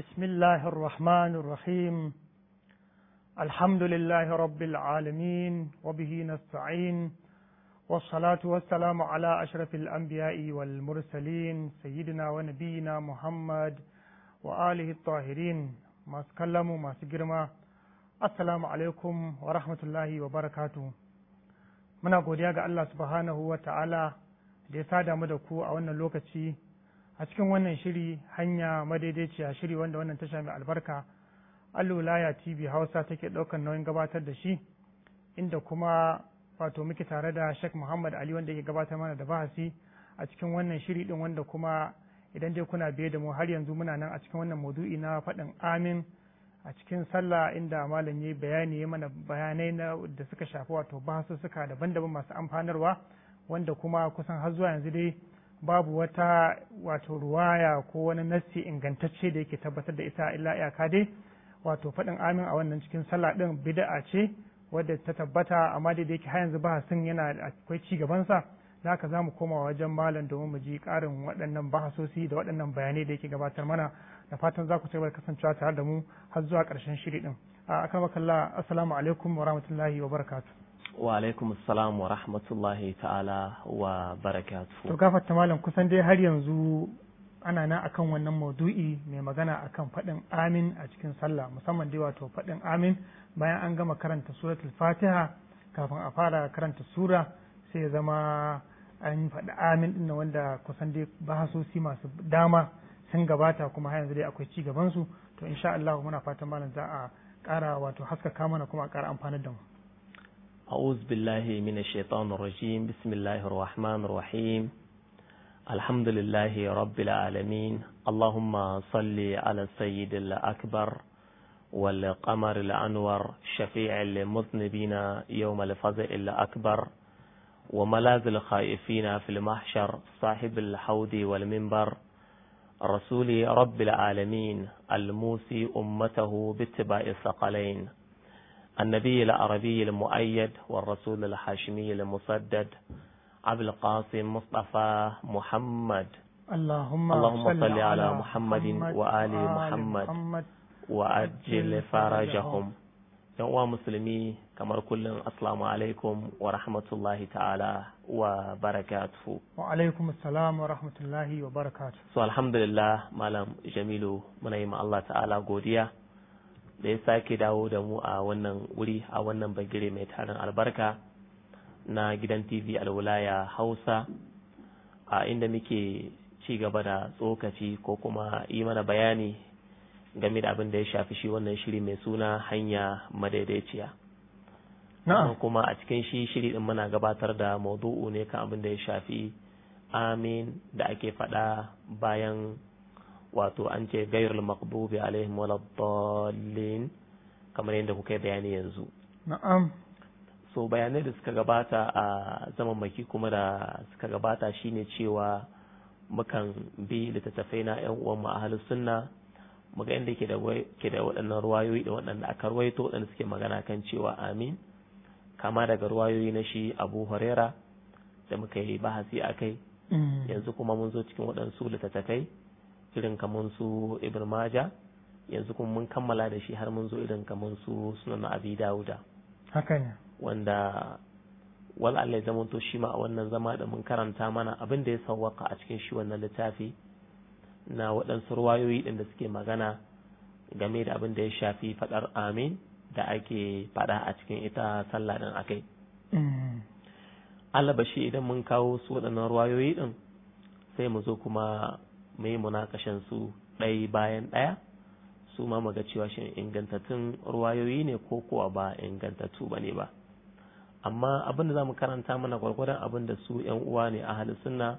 بسم الله الرحمن الرحيم الحمد لله رب العالمين وبه نستعين والصلاة والسلام على أشرف الأنبياء والمرسلين سيدنا ونبينا محمد وآله الطاهرين ما سكلموا ما سجرما السلام عليكم ورحمة الله وبركاته muna godiya ga Allah subhanahu wa ta'ala da ya sada mu da ku a wannan lokaci a cikin wannan shiri hanya madaidaiciya shiri wanda wannan tasha mai albarka al'ulaya tv hausa take ɗaukan nauyin gabatar da shi inda kuma wato muke tare da shek muhammad ali wanda yake gabatar mana da bahasi a cikin wannan shiri din wanda kuma idan dai kuna biye da mu har yanzu muna nan a cikin wannan maudu'i na faɗin amin a cikin sallah inda malam ya bayani ya mana bayanai na da suka shafi wato bahasussuka daban-daban masu amfanarwa wanda kuma kusan har zuwa yanzu dai babu wata wato ruwaya ko wani nassi ingantacce da yake tabbatar da ita illa iyaka dai wato faɗin amin a wannan cikin sallah ɗin bid'a ce wadda ta tabbata amma dai da yake har yanzu bahasin yana akwai ci gabansa da haka za mu koma wajen malam domin mu ji ƙarin waɗannan bahasosi da waɗannan bayanai da yake gabatar mana da fatan za ku ci gaba kasancewa tare da mu har zuwa ƙarshen shiri ɗin a akan makalla assalamu alaikum wa rahmatullahi wa barakatuh wa alaikum assalam wa rahmatullahi ta'ala wa barakatuhu to gafarta malam kusan dai har yanzu ana na akan wannan maudu'i mai magana akan faɗin amin a cikin sallah musamman dai wato faɗin amin bayan an gama karanta suratul fatiha kafin a fara karanta sura sai ya zama an faɗi amin ɗin wanda kusan dai bahasosi masu dama sun gabata kuma har yanzu dai akwai ci gaban su to insha Allah muna fatan malam za a ƙara wato haskaka mana kuma a ƙara amfanar da mu أعوذ بالله من الشيطان الرجيم بسم الله الرحمن الرحيم الحمد لله رب العالمين اللهم صل على السيد الأكبر والقمر الأنور شفيع المذنبين يوم الفزع الأكبر وملاذ الخائفين في المحشر صاحب الحوض والمنبر رسول رب العالمين الموسي أمته باتباع الثقلين النبي العربي المؤيد والرسول الحاشمي المسدد عبد القاسم مصطفى محمد اللهم, اللهم صل على, على محمد وآل محمد, محمد وأجل فرجهم يا مسلمي كما كل السلام عليكم ورحمة الله تعالى وبركاته وعليكم السلام ورحمة الله وبركاته so, الحمد لله مالام جميل من الله تعالى قوديا da ya sake dawo da mu a wannan wuri a wannan bagire mai tarin albarka na gidan tv alwulaya hausa a inda muke ci gaba da tsokaci ko kuma yi mana bayani game da abin da ya shafi shi wannan shiri mai suna hanya madaidaiciya na'am kuma a cikin shi shiri din muna gabatar da maudu'u ne kan abin da ya shafi amin da ake faɗa bayan wato an ce gairul maqbubi alaihim waladdallin kamar yadda kuka bayani yanzu na'am so bayanai da suka gabata a zaman maki kuma da suka gabata shine cewa mukan bi littattafai na yan uwan mu sunna muga inda ke da ke da waɗannan ruwayoyi da waɗanda aka ruwaito waɗanda suke magana kan cewa amin kama daga ruwayoyi na shi Abu Huraira da muka yi bahasi kai. Mm. yanzu kuma mun zo cikin waɗansu littattafai irin kamar su ibn maja yanzu kuma mun kammala da shi har mun zo irin kamar su sunan abi dawuda haka wanda wal Allah ya zamanto shi ma a wannan zama da mun karanta mana abin da ya sawwaka a cikin shi wannan littafi na waɗansu ruwayoyi ɗin da suke magana game da abin da ya shafi faɗar amin da ake faɗa a cikin ita sallah ɗin akai mm. Allah ba shi idan mun kawo su waɗannan ruwayoyi ɗin sai mu zo kuma mai munakashan su ɗaya bayan ɗaya su ma muga cewa shin ingantattun ruwayoyi ne ko kuwa ba ingantattu ba ne ba amma abin da za mu karanta mana gwargwadon abin da su yan uwa ne a halin sunna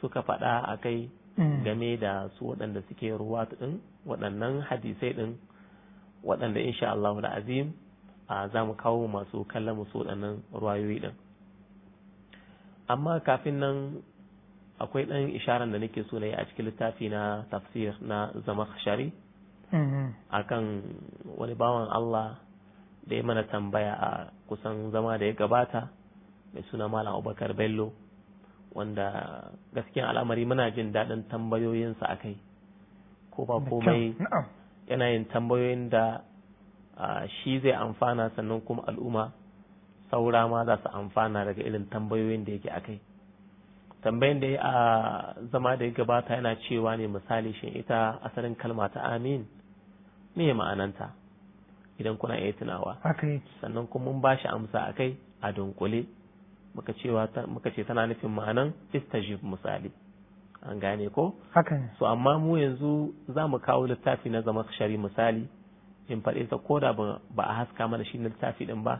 suka faɗa a kai mm. game da su waɗanda suke ruwa ɗin waɗannan hadisai ɗin waɗanda insha Allah da azim a za mu kawo masu kallon su waɗannan ruwayoyi ɗin amma kafin nan akwai ɗan isharar da nake so na yi a cikin littafi na tafsir na zama shari mm-hmm. akan wani bawan Allah da ya mana tambaya a kusan zama da ya gabata mai suna malam abubakar bello wanda gaskiyan al'amari muna jin daɗin tambayoyinsa a kai ko ba komai yana yin tambayoyin da shi zai amfana sannan kuma al'umma saura ma za su amfana daga irin tambayoyin da yake a kai tambayin da ya a zama da ya gabata yana cewa ne misali shi ita asalin kalma ta amin ne ma'ananta idan kuna iya tunawa sannan kuma mun bashi amsa a kai a dunkule muka ce tana nufin ma'anan istajib misali an gane ko haka so amma mu yanzu za mu kawo littafi na zama shari misali in faɗe ta koda ba a haska mana shi littafi din ba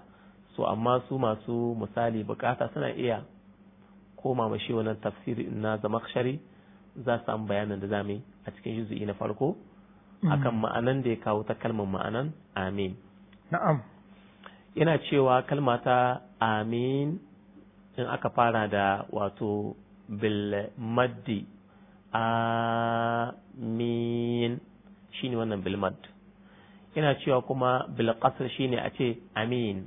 so amma su masu misali bukata suna iya koma ma shi wannan tafsiri na zamakshari za su samu bayanin da zame a cikin juzu'i na farko akan ma'anan da ya kawo ta kalmar ma'anan amin na'am yana cewa kalma ta amin in aka fara da wato bil maddi amin shine wannan bil ina cewa kuma bil qasr shine a ce amin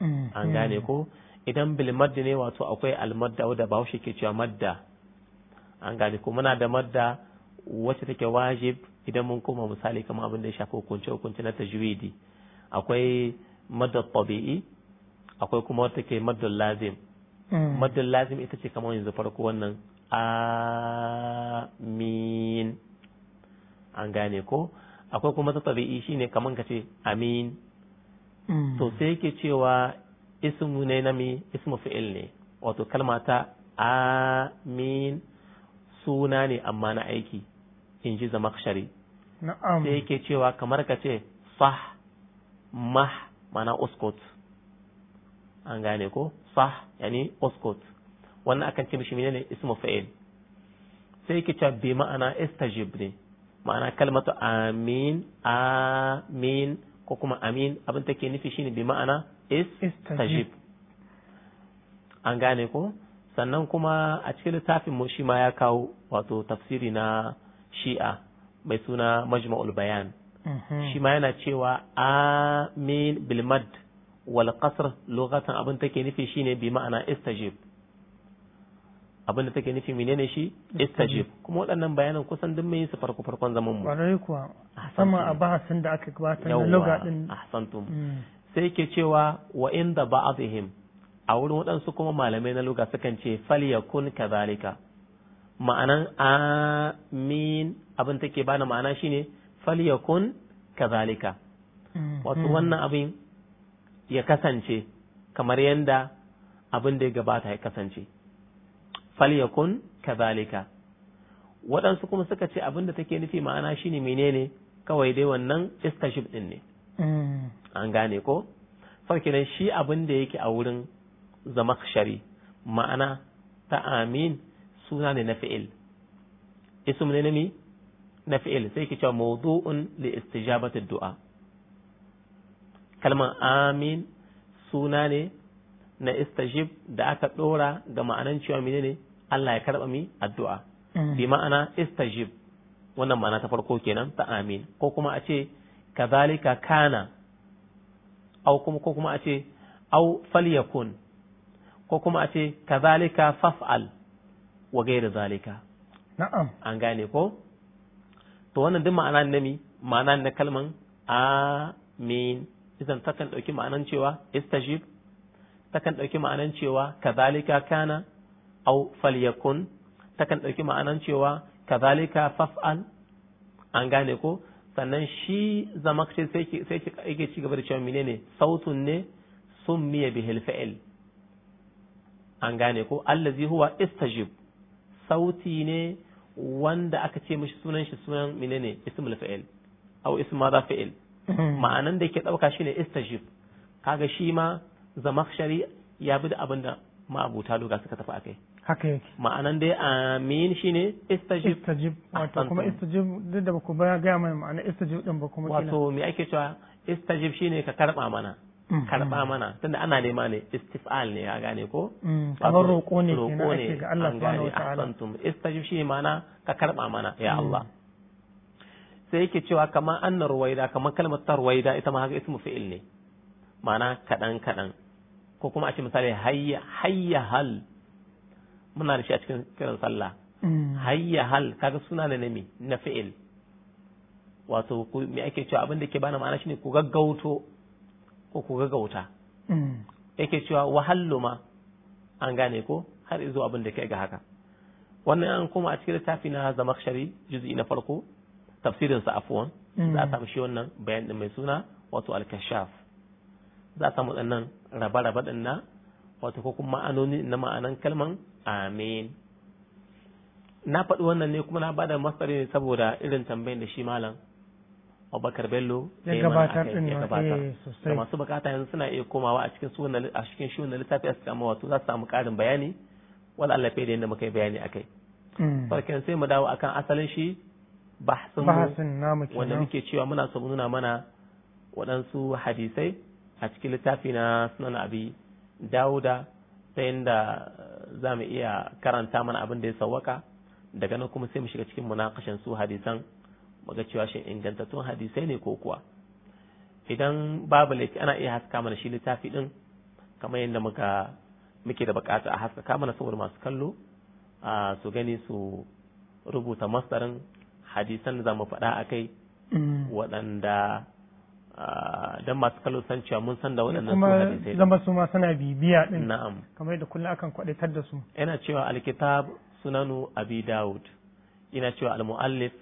mm. an gane ko idan bilmadda ne wato akwai almadda wadda bahaushe ke cewa madda an gane ko muna da madda wacce take wajib idan mun koma misali kamar abin da ya shafi hukunce hukunce na tajwidi akwai madda tabi'i akwai kuma wata ke madda lazim hmm. madda lazim ita ce kamar yanzu farko wannan amin an gane ko akwai kuma ta tabi'i shine kamar ka ce amin hmm. to sai yake cewa ismu ne na mi ismu fi'il ne wato kalma ta amin suna ne amma na aiki in ji zama na'am sai yake cewa kamar ka ce fah mah mana uskot an gane ko fah yani uskot wannan akan ce mishi ne ismu fi'il sai yake cewa bi ma'ana istajib ne ma'ana kalmatu amin amin ko kuma amin abin take nufi shine bi ma'ana istajib an gane ko sannan kuma a cikin littafin mu shi ma ya kawo wato tafsiri na shi'a mai suna majma'ul bayan mhm. shi ma yana cewa amin bilmad wal qasr lokacin abin take nufi shine bi ma'ana istajib abin da take nufi menene shi istajib kuma waɗannan bayanan kusan duk mai su farko farkon zaman mu wa kuwa sama a bahasin da aka gabatar na lugha din ahsantum mm. sai ke cewa wa inda ba'dihim a wurin waɗansu kuma malamai na luga sukan ce falyakun kadhalika ma'anan amin abin take bana ma'ana shine falyakun kadhalika mm-hmm. wato wannan abin ya kasance kamar yadda abin da ya gabata ya kasance falyakun kazalika waɗansu kuma suka ce abin da take nufi ma'ana shine menene kawai dai wannan istashib ɗin ne an gane ko farkinan shi abin da yake a wurin zama shari ma'ana ta amin suna ne na fi'il ism ne na na fi'il sai ki cewa mawdu'un li istijabati du'a kalmar amin suna ne na istajib da aka dora ga ma'anan cewa menene Allah ya karba mi addu'a mm. bi ma'ana istajib wannan ma'ana ta farko kenan ta amin ko kuma a ce kazalika kana au kuma ko kuma a ce au falyakun ko kuma a ce kazalika faf'al wa gaira zalika na'am an gane ko to wannan duk ma'ana na mi ma'ana na kalman amin idan takan dauki ma'anan cewa istajib takan dauki ma'anan cewa kazalika kana au falyakun takan dauki ma'anan cewa kazalika faf'al an gane ko sannan shi ce sai yake ci gaba da cewa ne sautun ne sun miya bi fa'il an gane ko allazi huwa istajib sauti ne wanda aka ce mishi sunan shi sunan ne ismul fa'il au isma za fa'il ma'anan da yake dauka shine istajib kaga shi ma zamakshari ya bi da abin da ma'abuta luga suka tafi akai haka yake ma'anan dai amin shine istajib istajib wato kuma istajib duk da baku baya ga mai ma'ana istajib din ba kuma wato me ake cewa istajib shine ka karba mana mm. karba mana tunda ana nema ne istifal ne ya gane ko mm, kamar roko ne roko ne ga Allah subhanahu wataala istajib shine mana ka karba mana ya mm. Allah sai yake cewa kamar annar ruwaida kamar kalmar tarwaida ita ma haka ismu fi'il ne ma'ana kadan kadan ko kuma a ce misali hayya hayya hal muna da shi a cikin kiran sallah mm. hayya hal kaga suna ne mi na fi'il wato me ake cewa abin da ke bana ma'ana shine ku gaggauto ko ku gaggauta mm. yake cewa wahallu ma an gane ko har izo abin da ke ga haka wannan an koma a cikin littafi na zamakshari juz'i na farko tafsirin sa afwan mm. za a samu shi wannan bayan din mai suna wato al-kashaf za a samu raba-raba din na wato ko kuma ma'anoni na ma'anan kalman amin na faɗi wannan ne kuma na bada masari ne saboda irin tambayin da shi malam Abubakar Bello ya gabatar din ya gabatar eh, da masu bukata yanzu suna iya komawa a cikin sunan a cikin shunan littafi a samu wato za su samu karin bayani wala Allah fa da yanda muka yi bayani akai farkan mm. sai mu dawo akan asalin shi bahsin namu wanda muke cewa muna so nuna mana waɗansu hadisai a cikin littafi na sunan abi dauda ta yadda eh, za mu iya karanta mana abin da ya sawwaka daga nan kuma sai mu shiga cikin munakashin su hadisan muga cewa shi ingantattun hadisai ne ko kuwa idan babu laifi ana iya haska mana shi littafi din kamar yadda muka muke da bukata a haskaka mana saboda masu kallo a su gani su rubuta masarin hadisan da za mu faɗa a kai mm. waɗanda dan masu kallon san cewa mun san da waɗannan su hadisai zama su ma suna bibiya din na'am kamar da kullum akan kwadaitar da su ina cewa alkitab sunanu abi daud ina cewa almuallif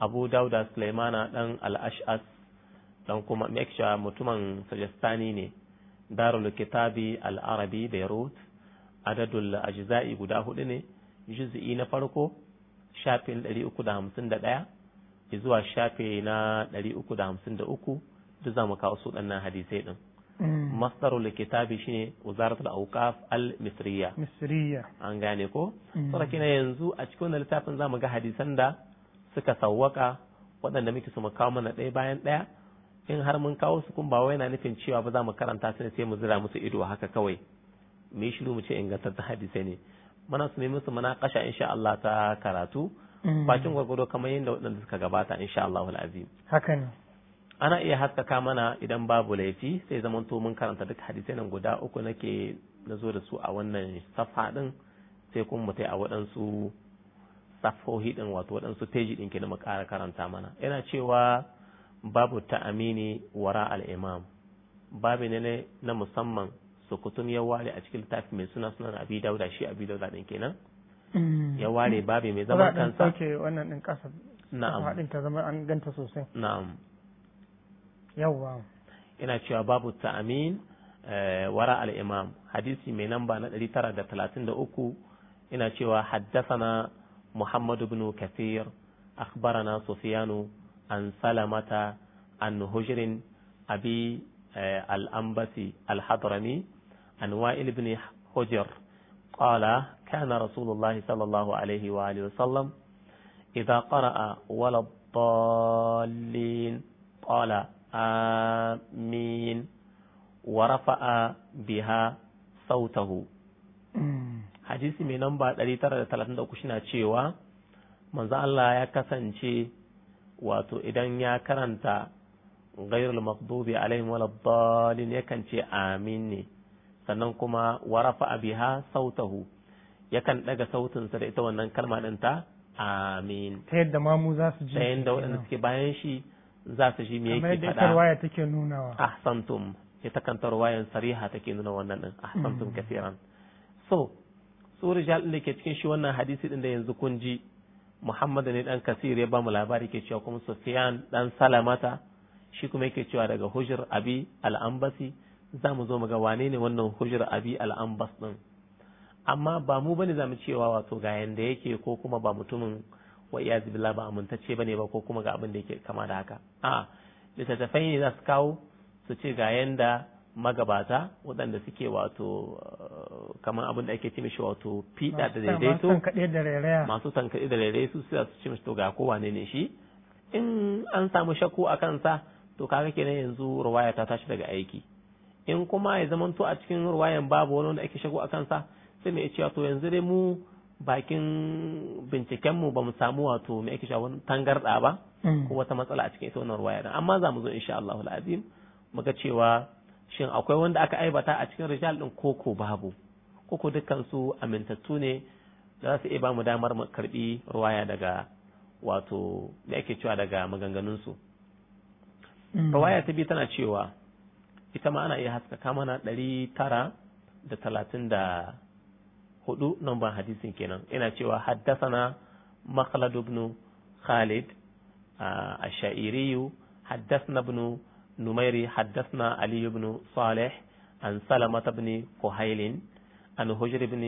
abu dauda sulaimana dan al-ash'as dan kuma meksha mutumin sajastani ne darul kitabi al-arabi beirut adadul ajza'i guda hudu ne juz'i na farko shafin 351 zuwa shafe na 353 duk za mu kawo su ɗannan hadisai ɗin mm. shi ne shine da awqaf al misriya misriya an gane ko mm. sarki na yanzu a cikin wannan littafin za mu ga hadisan da suka sawwaka waɗanda muke su mu kawo mana ɗaya bayan ɗaya in har mun kawo su kun ba wai yana nufin cewa ba za mu karanta su ne sai mu zira musu ido haka kawai Me shi mu ce ingantattun hadisai ne muna su nemi mana kasha insha Allah ta karatu mm. bakin gwargwado kamar yadda waɗanda suka gabata insha Allah azim haka ne ana iya haskaka mana idan babu laifi sai zaman to mun karanta duk hadisai nan guda uku nake na zo da su a wannan safa din sai kuma mutai a waɗansu safohi din wato waɗansu teji din kenan mu ƙara karanta mana yana cewa babu ta'amini wara al-imam babu ne na musamman sukutun ya ware a cikin littafi mai suna sunan abi dauda shi abi dauda din kenan mm. ya ware babu mai zaman kansa na'am na'am yawa ina cewa babu ta'amin wara al-imam hadisi mai namba na 933 ina cewa haddathana muhammad ibn kathir akhbarana sufyanu an salamata an hujrin abi al-anbasi al-hadrami an wa'il ibn hujr قال كان رسول الله صلى الله عليه وآله وسلم إذا قرأ ولا الضالين قال amin wa rafa'a biha sautahu hadisi mai namba shi na cewa manzo Allah ya kasance wato idan ya karanta ghairul maghdubi alaihim waladdallin yakan ce amin ne sannan kuma wa rafa'a biha sautahu yakan daga sautinsa da ita wannan kalma din ta amin ta yadda Mamu za su ji ta yadda waɗanda suke bayan shi za su ji me yake faɗa kamar waya take nunawa ahsantum ita kantar wayan sariha take nuna wannan din ahsantum mm-hmm. kaseeran so su rijal da ke cikin shi wannan hadisi din da yanzu kun ji Muhammad ne dan Kasir ya ba mu labari ke cewa kuma Sufyan dan Salamata shi kuma yake cewa daga Hujr Abi al-Ambasi za mu zo mu ga wane ne wannan Hujr Abi al-Ambas din amma ba mu bane za mu cewa wato ga yanda yake ko kuma ba mutumin wa iyaz billah ba amintacce bane ba ko kuma ga abin da yake kama da haka a littattafai ne za su kawo su ce ga yanda magabata waɗanda suke wato eh, kamar abin da ake ce mishi wato fiɗa da daidaito masu tankaɗe da rairaya su sai su ce mishi to ga ko wane ne shi in an samu shakku a kansa to kaga kenan yanzu ruwaya ta tashi daga aiki in kuma ya zamanto a cikin ruwayan babu wani wanda ake shakku a kansa sai mai cewa to yanzu dai mu bakin bincikenmu ba mu samu wato mai ake wani tangarɗa ba mm. ko wata matsala a cikin ita wannan ruwaya amma za mu zo insha Allah azim muga cewa shin akwai wanda aka aibata a cikin rijal din koko babu koko dukkan su amintattu ne za su iya ba mu damar mu karbi ruwaya daga wato da ake cewa daga maganganun su mm. ruwaya ta biyu tana cewa ita ma ana iya haskaka mana ɗari tara da talatin da hudu nomban hadisin kenan ina cewa haddasana مخلد بن خالد الشائري حدثنا بن نميري حدثنا علي بن صالح عن سلمة بن كهيل عن هجر بن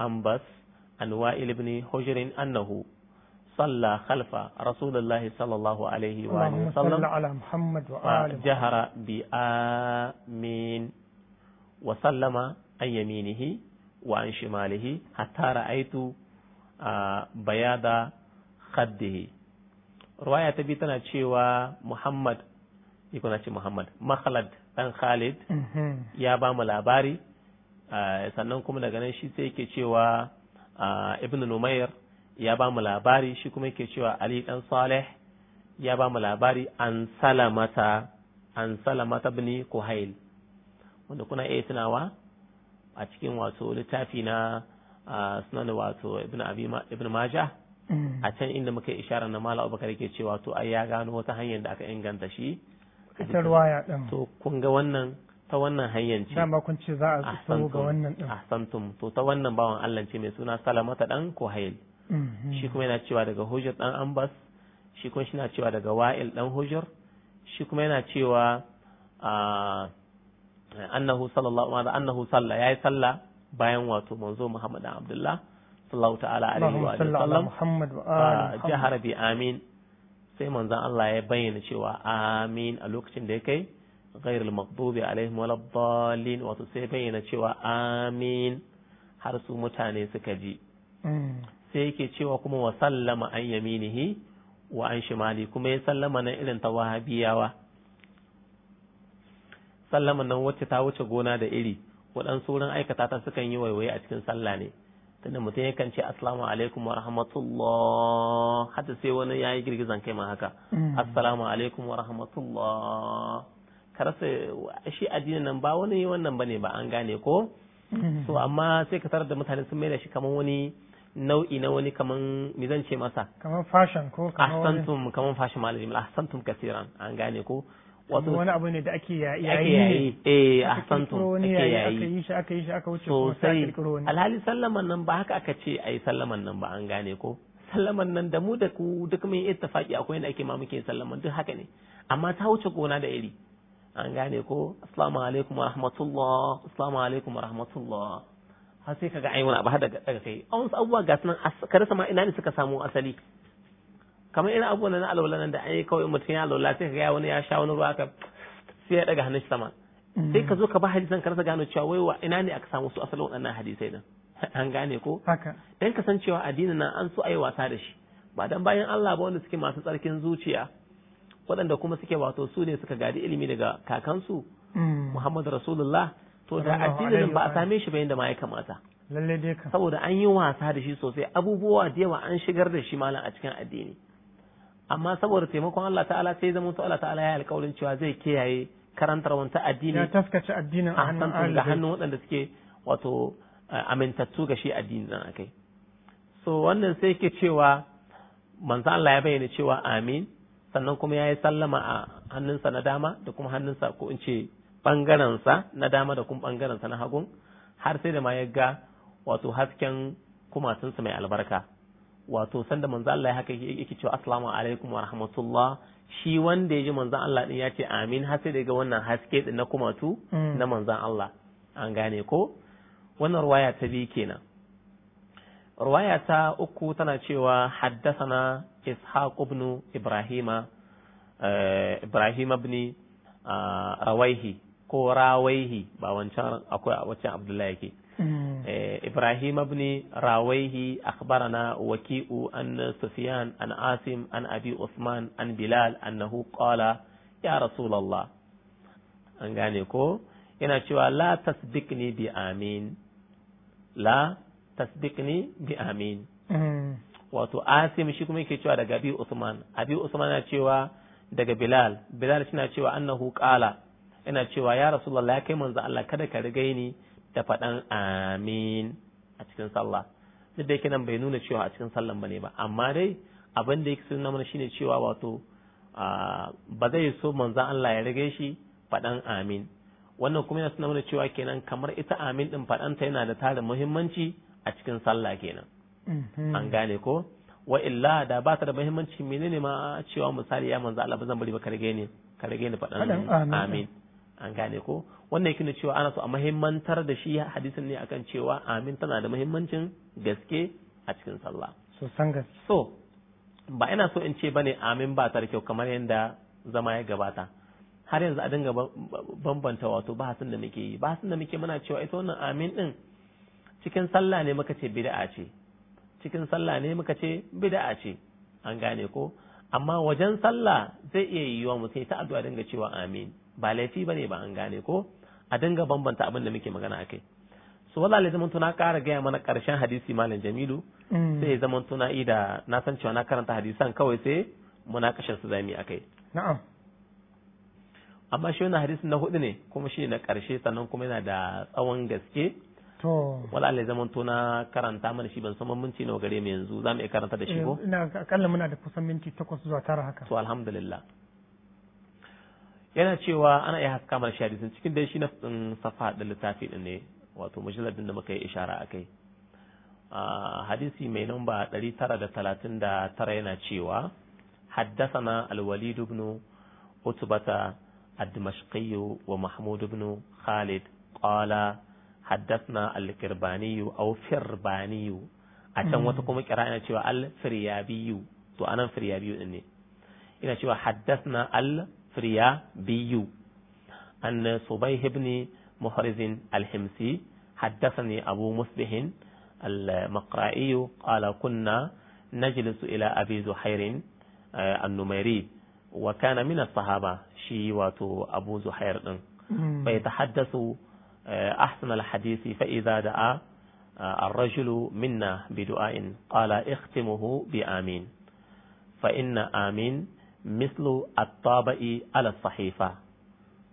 أنبس عن وائل بن هجر أنه صلى خلف رسول الله صلى الله عليه وآله وسلم على محمد وآله جهر بآمين وسلم عن يمينه wa an shimalihi hatta ra'aitu bayada khaddihi ruwaya ta bi tana cewa Muhammad iko na ce Muhammad Makhalad dan Khalid mm-hmm. ya ba mu labari sannan kuma daga nan shi sai yake cewa Ibn Numair ya ba mu labari shi kuma yake cewa Ali dan Saleh ya ba mu labari an salamata an salamata ibn Kuhail wanda kuna iya tunawa a cikin wato littafi na sunan wato ibn abi ibn majah mm. a can inda muka isharar na mala abubakar yake cewa to ai ya gano wata hanyar da aka inganta shi ita ruwaya din to kun ga wannan ta wannan hanyar ce dama kun ce za a tsoro ga wannan din ahsantum to ta wannan bawan Allah ce mai suna salamata dan hayl mm-hmm. shi kuma yana cewa daga hujjar dan ambas shi kuma shi na cewa daga wa'il dan hujjar shi kuma yana cewa a annahu sallallahu alaihi annahu salla yayi salla bayan wato manzo Muhammad Abdullah sallallahu ta'ala alaihi wa sallam Muhammad wa alihi jahara bi amin sai manzon Allah ya bayyana cewa amin a lokacin da ya kai ghairul maghdubi alaihim waladdallin wato sai bayyana cewa amin har su mutane suka ji mm. sai yake cewa kuma wa sallama an yaminihi wa an shimali kuma ya sallama na irin ta wahabiyawa Sallama nan wacce ta wuce gona da iri waɗansu sauran aikata ta sukan yi waiwaye a cikin sallah ne tunda mutum yakan ce assalamu alaikum wa rahmatullah hatta sai wani ya yi girgizan kai ma haka mm. assalamu alaikum wa rahmatullah karasa shi addinin nan ba wani wannan bane ba an gane ko mm. so amma sai ka tarar da mutane sun mai da shi kamar wani nau'i na wani kaman me zan ce masa kaman fashion ko kaman ahsantum kaman fashion malamin ahsantum kasiran an gane ko wato wani abu ne da ake yayi eh ahsantum ake yayi aka yi shi aka yi shi aka wuce sosai alhali sallaman nan ba haka aka ce ai sallaman nan ba an gane ko sallaman nan da mu da ku duk mai ittifaki akwai yadda ake ma muke sallaman duk haka ne amma ta wuce gona da iri an gane ko assalamu alaikum wa rahmatullah assalamu alaikum wa rahmatullah har sai kaga ai wani abu har daga kai an wasu abubuwa ga sunan kar ma ina ne suka samu asali kamar irin abubuwan na alwala nan da an yi kawai mutum ya alwala sai ka ga wani ya sha wani ruwa ka sai ya daga hannun sama mm. sai ka zo ka ba hadisan ka rasa gano cewa wai wa ina ne aka samu su asalin waɗannan hadisai din an gane ko dan cewa addinin nan an so a yi wasa da shi ba dan bayan Allah ba wanda suke masu tsarkin zuciya waɗanda kuma suke wato su ne suka gadi ilimi daga kakansu mm. Muhammadu Rasulullah to da addinin ba a same shi ba ma ya kamata lalle dai saboda an yi wasa da shi sosai abubuwa da yawa an shigar da shi malam a cikin addini amma saboda taimakon Allah ta'ala sai zama to Allah ta'ala ya alƙawarin cewa zai kiyaye karantar wanta addini ya taskace addinin a hannun da hannun waɗanda suke wato eh, amintattu ga shi addinin nan akai so wannan sai yake cewa manzo Allah ya bayyana cewa amin sannan kuma ya yi sallama a hannunsa na dama da kuma hannunsa ko in ce sa na dama da kuma sa na hagun har sai da ma ya ga wato hasken kumatunsa mai albarka wato sanda manzo Allah haka yake cewa assalamu alaikum wa rahmatullah shi wanda ya ji manzon Allah din ya ce amin har sai daga wannan haske din na kumatu mm. na manzon Allah an gane ko wannan ruwaya ta biyu kenan ruwaya ta uku tana cewa haddathana ishaq ibn ibrahima eh, ibrahim ibn ah, rawaihi ko rawaihi ba wancan akwai wancan abdullahi yake إبراهيم ابن راويه أخبرنا وكيء أن سفيان أن عاصم أن أبي عثمان أن بلال أنه قال يا رسول الله yana cewa la tasdikni bi amin la tasdikni bi amin wato asim shi kuma yake cewa daga abi usman abi usman yana cewa daga bilal bilal shi na cewa annahu qala yana cewa ya rasulullah ya kai manzo Allah kada ka rigaini ni da faɗan amin a cikin sallah duk da yake nan bai nuna cewa a cikin sallan bane ba amma dai abin da yake suna mana shine cewa wato ba zai so manzan Allah ya rage shi faɗan amin wannan kuma yana suna mana cewa kenan kamar ita amin din ta yana da tarin muhimmanci a cikin sallah kenan mhm. an gane ko wa illa da ba ta da muhimmanci menene ma cewa misali ya manzan Allah ba zan bari ba ka rage ni ka rage ni faɗan amin an gane ko wannan yake cewa ana so a mahimmantar da shi hadisin ne akan cewa amin tana da mahimmancin gaske a cikin sallah so sanga so ba ina so in ce bane amin ba ta da kyau kamar yadda zama ya gabata har yanzu a dinga bambanta wato ba da muke yi bahasin da muke muna cewa ita wannan amin din cikin sallah ne muka ce bid'a ce cikin sallah ne muka ce bid'a ce an gane ko amma wajen sallah zai iya yiwuwa mutum ta addu'a dinga cewa amin ba laifi bane ba an gane ko a dinga bambanta abin da muke magana akai so wala zaman tuna ƙara gaya mana karshen hadisi malam jamilu mm. sai zaman tuna da na san cewa na karanta hadisan kawai sai muna su zami akai na'am amma shi wannan hadisin na hudu ne kuma shi na ƙarshe sannan kuma yana da tsawon gaske To. Wala zaman tuna karanta mana shi ban san minti nawa gare mu yanzu zamu mu iya karanta da shi ko? Ina eh, akalla muna da kusan minti takwas zuwa tara haka. To alhamdulillah. yana cewa ana iya haska mana shari'a cikin dai shi na safa da littafi din ne wato majalar din da muka yi ishara a hadisi mai namba 939 yana cewa haddathana al-walid ibn utbata ad-dimashqi wa mahmud ibn khalid Kwala haddathana al-kirbani aw firbani a can wata kuma kira yana cewa al-firyabi to anan firyabi din ne yana cewa haddathana al بيو أن صبيه بن محرز الحمسي حدثني أبو مصبح المقرائي قال كنا نجلس إلى أبي زحير آه، النميري وكان من الصحابة شي أبو زحير فيتحدث آه، أحسن الحديث فإذا دعا آه، الرجل منا بدعاء قال اختمه بآمين فإن آمين mislu at-taba'i ala sahifa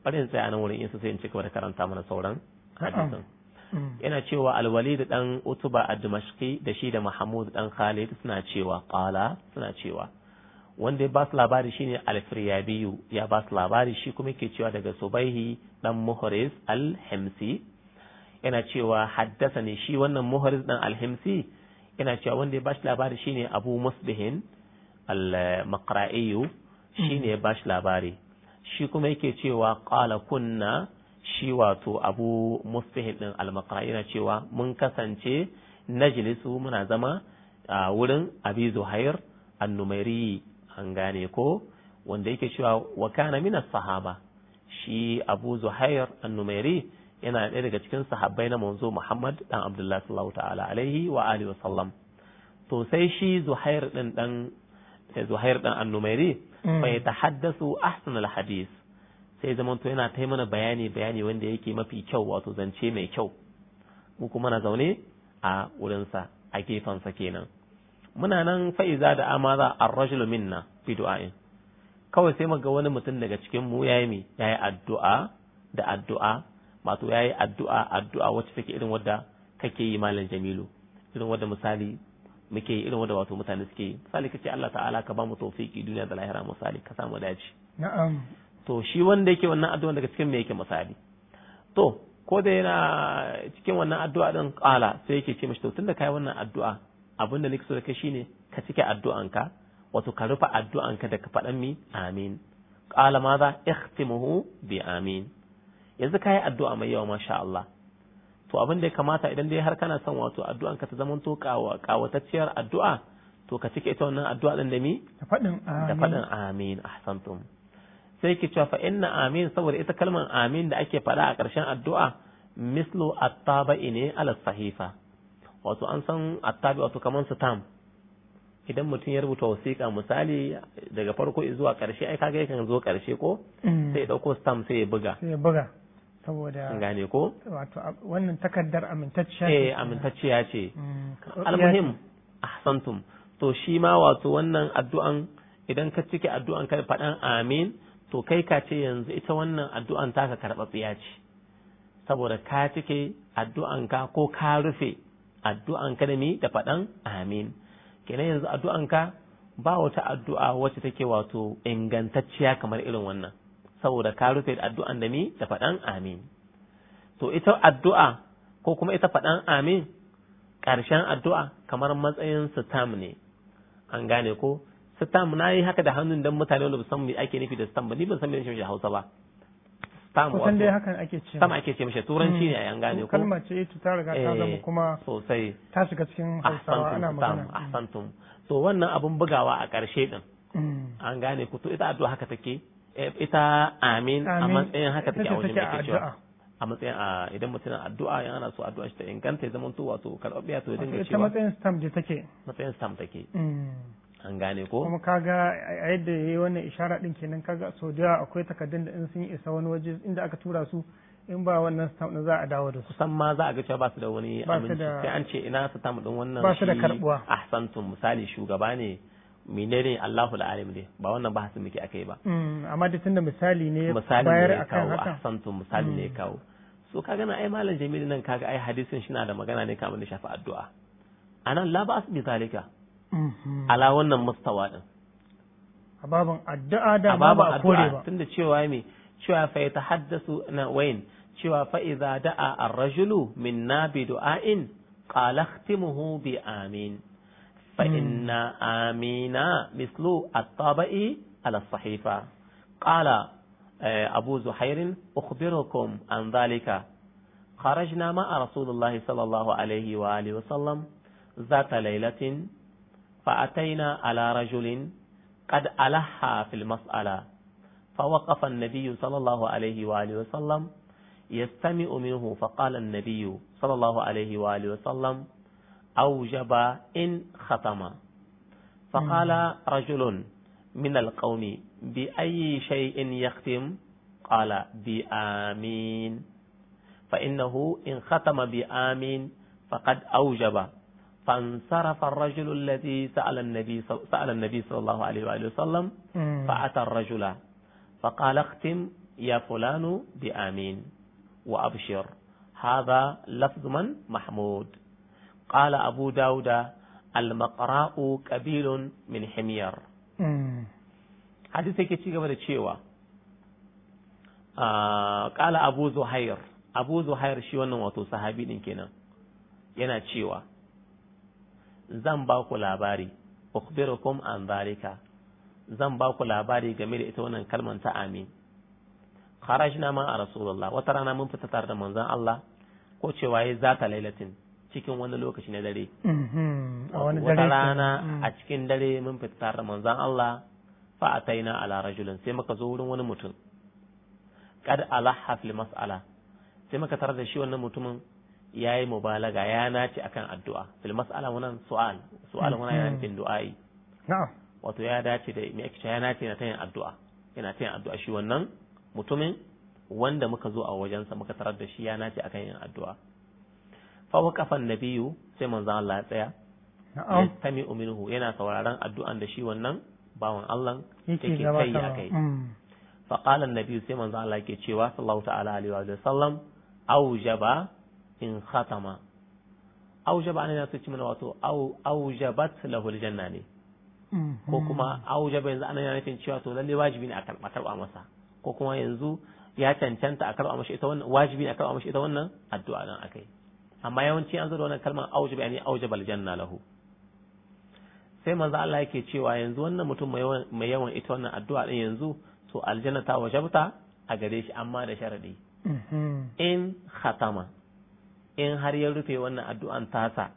bari in tsaya nan wurin in sai in cika da karanta mana sauran hadisin mm. yana cewa al-walid dan utuba ad-dimashqi da shi da mahmud dan khalid suna cewa qala suna cewa wanda ya ba su labari shine al ya ba su labari shi kuma yake cewa daga subaihi dan muhriz al-himsi yana cewa haddasa ne shi wannan muhriz dan al-himsi yana cewa wanda ya ba shi labari shine abu musbihin al-maqra'iyu shine ya bashi labari shi kuma yake cewa qala kunna shi wato abu mustahil din al cewa mun kasance najlisu muna zama a wurin abi zuhair an-numairi an gane ko wanda yake cewa wa kana min as-sahaba shi abu zuhair an-numairi yana ɗaya daga cikin sahabbai na manzo Muhammad dan Abdullahi sallallahu ta'ala alaihi wa alihi sallam to sai shi Zuhair din dan zuhair dan annumairi mm. fa yatahaddasu ahsan alhadith sai zaman to yana tai mana bayani bayani wanda yake mafi kyau wato zance mai kyau mu kuma na zaune a wurin sa a gefen sa kenan muna nan fa'iza da amaza ar-rajul minna fi du'a'in kawai sai muga wani mutum daga cikin mu yayi mi yayi addu'a da addu'a wato yayi addu'a addu'a wacce take irin wadda kake yi malam Jamilu irin wadda misali muke irin wanda wato mutane suke yi misali kace Allah ta'ala ka ba mu tawfiki duniya da lahira misali ka samu dace na'am to shi wanda yake wannan addu'a daga cikin me yake misali to ko da yana cikin wannan addu'a din kala sai yake ce mishi to tunda kai wannan addu'a abin da nake so da kai shine ka cike addu'anka wato ka rufe addu'anka da ka faɗan mi amin qala maza za ihtimuhu bi amin yanzu kai addu'a mai yawa masha Allah to abin da ya kamata idan dai har kana son wato addu'an ka ta zamanto kawatacciyar addu'a to ka cike ita wannan addu'a din da mi da faɗin amin da faɗin amin ahsantum sai ki cewa fa inna amin saboda ita kalmar amin da ake faɗa a ƙarshen addu'a mislu attaba'i ne ala sahifa wato an san attabi wato kaman tam idan mutum ya rubuta wasiƙa misali daga farko zuwa ƙarshe ai kaga yakan zo ƙarshe ko mm. sai ya ɗauko stamp sai ya buga sai ya buga saboda gane ko wato wannan takardar amintacciya eh amintacciya ce mm, almuhim ahsantum to shi ma wato wannan addu'an idan ka cike addu'an kai faɗan amin to kai ka ce yanzu ita wannan addu'an taka tsiya ce saboda ka cike addu'an ka ko ka rufe addu'an ka da da faɗan amin kenan yanzu addu'an ka ba wata addu'a wacce take wato ingantacciya kamar irin wannan saboda ka rufe addu'an da mi da faɗan amin to ita addu'a ko kuma ita faɗan amin ƙarshen addu'a kamar matsayin sitam ne an gane ko sitam na yi haka da hannun dan mutane wanda ba san me ake nufi da sitam ba ni ban san me shi Hausa ba sitam wato dai hakan ake ce sitam ake ce mishi turanci ne hmm. an gane ko kalma ce ta riga ta zama eh, kuma sosai ta shiga cikin Hausa ana magana hmm. ahsantum to wannan abun bugawa a ƙarshe din hmm. an gane ku to ita addu'a haka take ita amin a matsayin haka take a wajen mai cewa a matsayin a idan mutum na addu'a yana ana so addu'a shi ta inganta ya zama to wato karɓaɓɓiya to ya dinga cewa ita matsayin stamp da take matsayin stamp take mm. an gane ko kuma kaga a yadda yayi wannan ishara din kenan kaga so da akwai takardun da in sun isa wani waje inda aka tura su in ba wannan stamp din za a dawo da su kusan ma za a ga cewa ba su da wani aminci sai an ce ina stamp din wannan ba su da karbuwa ahsantum misali shugaba ne menene Allahul alim ne ba wannan bahasin muke akai ba hmm, amma da tunda misali ne bayar akan haka ahsantum misali ne hmm. kawo so kaga na ai malam jami'in nan kaga ai hadisin shi na da magana ne kamar da shafi addu'a anan la ba'as bi zalika hmm. ala wannan mustawa din ababan addu'a da ba ba kore ba tunda cewa me cewa fa yatahaddasu na wayin cewa fa idza da'a ar-rajulu min nabi du'ain qala ikhtimuhu bi amin فإن آمينا مثل الطابئي على الصحيفة قال آه، أبو زحير أخبركم عن ذلك خرجنا مع رسول الله صلى الله عليه وآله وسلم ذات ليلة فأتينا على رجل قد ألح في المسألة فوقف النبي صلى الله عليه وآله وسلم يستمع منه فقال النبي صلى الله عليه وآله وسلم أوجب إن ختم فقال نعم. رجل من القوم بأي شيء يختم قال بآمين فإنه إن ختم بآمين فقد أوجب فانصرف الرجل الذي سأل النبي سأل النبي صلى الله عليه وآله وسلم نعم. فأتى الرجل فقال اختم يا فلان بآمين وأبشر هذا لفظ من محمود قال أبو داود المقراء قبيل من حمير حديث yake ci gaba da cewa قال أبو زهير أبو زهير shi wannan wato sahabi din kenan yana cewa zan ba ku labari ukhbirukum an zalika zan ba ku labari game da ita wannan kalman ta amin kharajna ma a rasulullah wata rana mun fita tare da manzon Allah ko cewa yayi zata lailatin cikin wani lokaci na dare mm-hmm. A wani dare wata rana mm. a cikin dare mun fita tare manzan Allah fa a ala rajulin sai muka zo wurin wani mutum kad alaha fil mas'ala sai muka tarar da shi wannan mutumin ya mu mubalaga ya nace akan addu'a fil mas'ala wannan su'al su'al wannan yana mm-hmm. nufin du'ai wato ya dace da me ake ya nace na yin addu'a yana yin addu'a shi wannan mutumin wanda muka zo a wajensa muka tarar da shi ya nace akan yin addu'a fa waqafan nabiyyu sai manzon Allah ya tsaya na'am tami minhu yana sauraron addu'an da shi wannan bawan Allah yake kai akai mm. fa qala an-nabiyyu sai manzon Allah yake cewa sallallahu ta'ala alaihi wa sallam aujaba in khatama aujaba ne na ce mana wato au aujabat lahu aljanna ne mm-hmm. ko kuma aujaba yanzu ana nufin cewa to lalle wajibi ne a karɓa masa ko kuma yanzu ya cancanta a karɓa mashi ita wannan wajibi ne a karɓa mashi ita wannan addu'a nan akai amma yawanci an zo da wannan kalmar aujaba yani aujabal janna lahu sai manzo Allah yake cewa yanzu wannan mutum mai yawan ita wannan addu'a din yanzu to aljanna ta wajabta a gare shi amma da sharadi mhm. in khatama in har ya rufe wannan addu'an tasa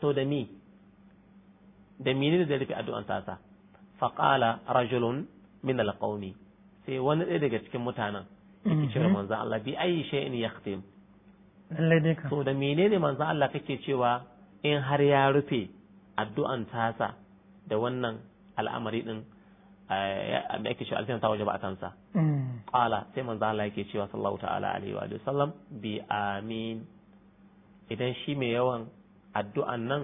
to da mi da ne da rufe addu'an tasa qala rajulun min alqawmi sai wani ɗaya daga cikin mutanen yake cewa mhm. manzo Allah bi ayi shay'in yakhtim lallai ne ka so da menene manzo Allah kake cewa in har ya rufe addu'an tasa da wannan al'amari din eh, da yake cewa alfiyan ta waje ba a kansa mm. qala sai manzo Allah yake cewa sallahu ta'ala alaihi wa sallam bi amin idan shi mai yawan addu'an nan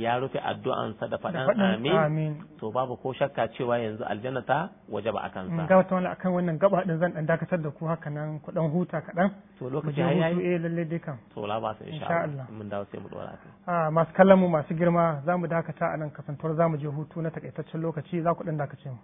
ya rufe addu'ansa da faɗan amin to babu ko shakka cewa yanzu aljanna ta waje ba a sa. ga wata wani akan wannan gaba din zan dan dakatar da ku haka nan ku dan huta kaɗan to lokaci ya yi eh lalle dai kan to la ba su insha Allah mun dawo sai mu dora a ah, masu kallon mu masu girma za mu dakata a nan zamu za mu je hutu na takaitaccen lokaci za ku dan dakace mu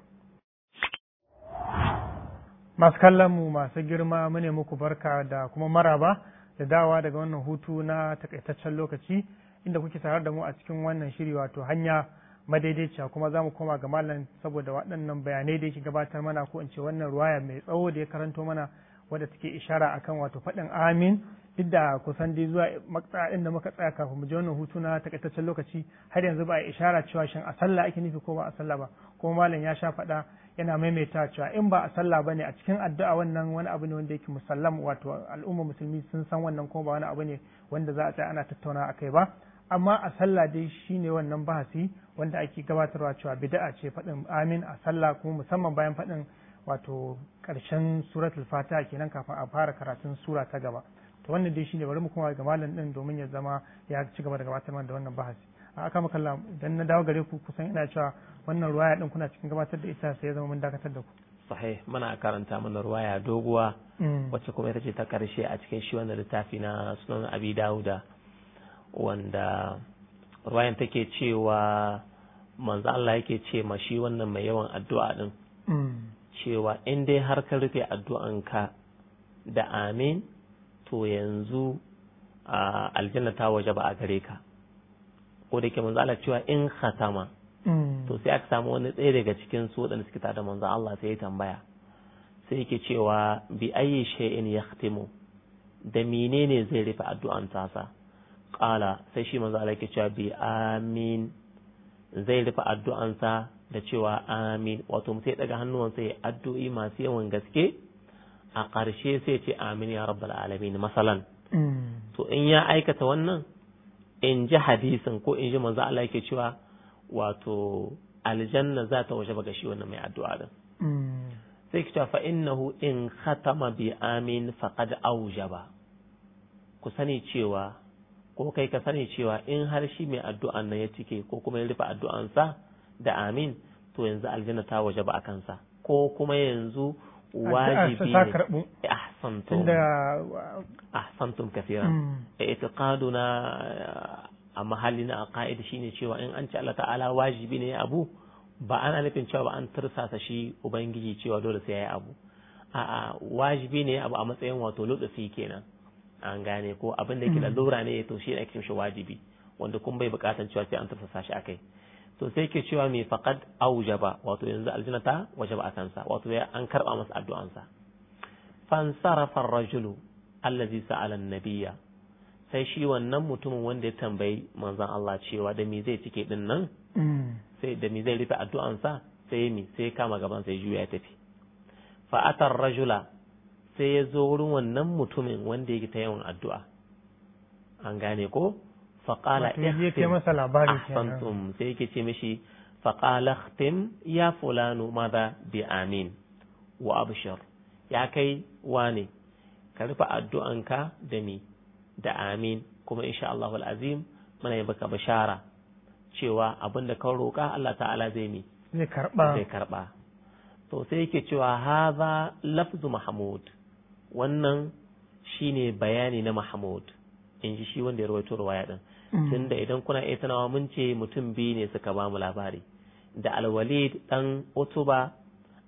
masu kallon mu masu girma mu ne muku barka da kuma maraba da dawa daga wannan hutu na takaitaccen lokaci inda kuke tare da mu a cikin wannan shiri wato hanya madaidaiciya kuma za mu koma ga malam saboda waɗannan bayanai da yake gabatar mana ko in ce wannan ruwaya mai tsawo da ya karanto mana wadda take ishara akan wato faɗin amin duk da kusan dai zuwa matsaya inda muka tsaya kafin mu je wannan hutu na takaitaccen lokaci har yanzu ba a ishara cewa shin a sallah ake nufi ko ba a sallah ba kuma malam ya sha faɗa yana maimaita cewa in ba a sallah ba ne a cikin addu'a wannan wani abu ne wanda yake musallam wato al'umma musulmi sun san wannan kuma ba wani abu ne wanda za a tsaya ana tattauna akai ba amma a sallah dai shine wannan bahasi wanda ake gabatarwa cewa bid'a ce faɗin amin a sallah kuma musamman bayan faɗin wato ƙarshen suratul fatiha kenan kafin a fara karatun sura ta gaba to wannan dai shine bari mu kuma ga malam din domin ya zama ya ci gaba da gabatar da wannan bahasi a aka makalla dan na dawo gare ku kusan ina cewa wannan ruwaya din kuna cikin gabatar da ita sai ya zama mun dakatar da ku sahih muna karanta mana ruwaya doguwa mm. wacce kuma ita ce ta karshe a cikin shi wannan littafi na sunan abi dauda wanda ruwayan take cewa manzo Allah yake ce ma shi wannan mai yawan addu'a din mm. cewa in dai har ka rufe addu'anka da amin to yanzu aljanna ta waje ba a gare ka ko da ke manzo Allah cewa in khatama mm. to sai aka samu wani tsere daga cikin su waɗanda suke tare da manzo Allah sai ya tambaya sai yake cewa bi ayyi shay'in yakhtimu da menene zai rufe addu'an tasa ta'ala sai shi manzo alaihi cewa bi amin zai rufe addu'ansa da cewa amin wato sai daga hannuwansa ya addu'i masu yawan gaske a ƙarshe sai ce amin ya rabbal alamin masalan mm. to in ya aikata wannan in ji hadisin ko in ji manzo Allah yake cewa wato aljanna za ta waje ga shi wannan mai addu'a din mm. sai ki fa innahu in khatama bi amin faqad aujaba ku sani cewa ko kai ka sani cewa in har shi mai addu'an na ya cike ko kuma ya rufe addu'ansa da amin to yanzu aljanna ta waje ba a kansa ko kuma yanzu wajibi ne ahsantum ahsantum kafiran hmm. eh, itiqaduna a mahalli na aqaid shine cewa in an ci Allah ta'ala wajibi ne abu ba ana nufin cewa ba an tursasa shi ubangiji cewa dole sai yayi abu a'a wajibi ne abu a matsayin wato lutsi kenan an gane ko abin da yake mm. lalura ne to shi ne ake mishi wajibi wanda kun bai bukatan cewa sai an tafasa shi akai to sai ke cewa mai faqad aujaba wato yanzu aljanna ta wajaba akan sa wato ya an karba masa addu'an sa fansarafa ar-rajulu allazi sa'ala an-nabiyya sai shi wannan mutumin wanda ya tambayi manzon Allah cewa da me zai cike din nan mm. sai da me zai rufe addu'an sa sai mi sai kama gaban sai juya ya tafi fa atar rajula sai ya zo wurin wannan mutumin wanda yake ta yawan addu'a an gane ko faƙala ihtim sai yake ce mishi faƙala ihtim ya fulano maza bi amin wa abshir ya kai wa ne ka rufe addu'anka da mi da amin kuma insha Allah al'azim mana yi baka bashara cewa abin da kan roƙa Allah ta'ala zai mi zai karɓa zai sai yake cewa haza lafzu mahmud wannan shine bayani na mahmud in shi wanda ya rawaito ruwaya din mm. tunda idan kuna iya tunawa mun ce mutum biyu ne suka ba mu labari da alwalid dan utuba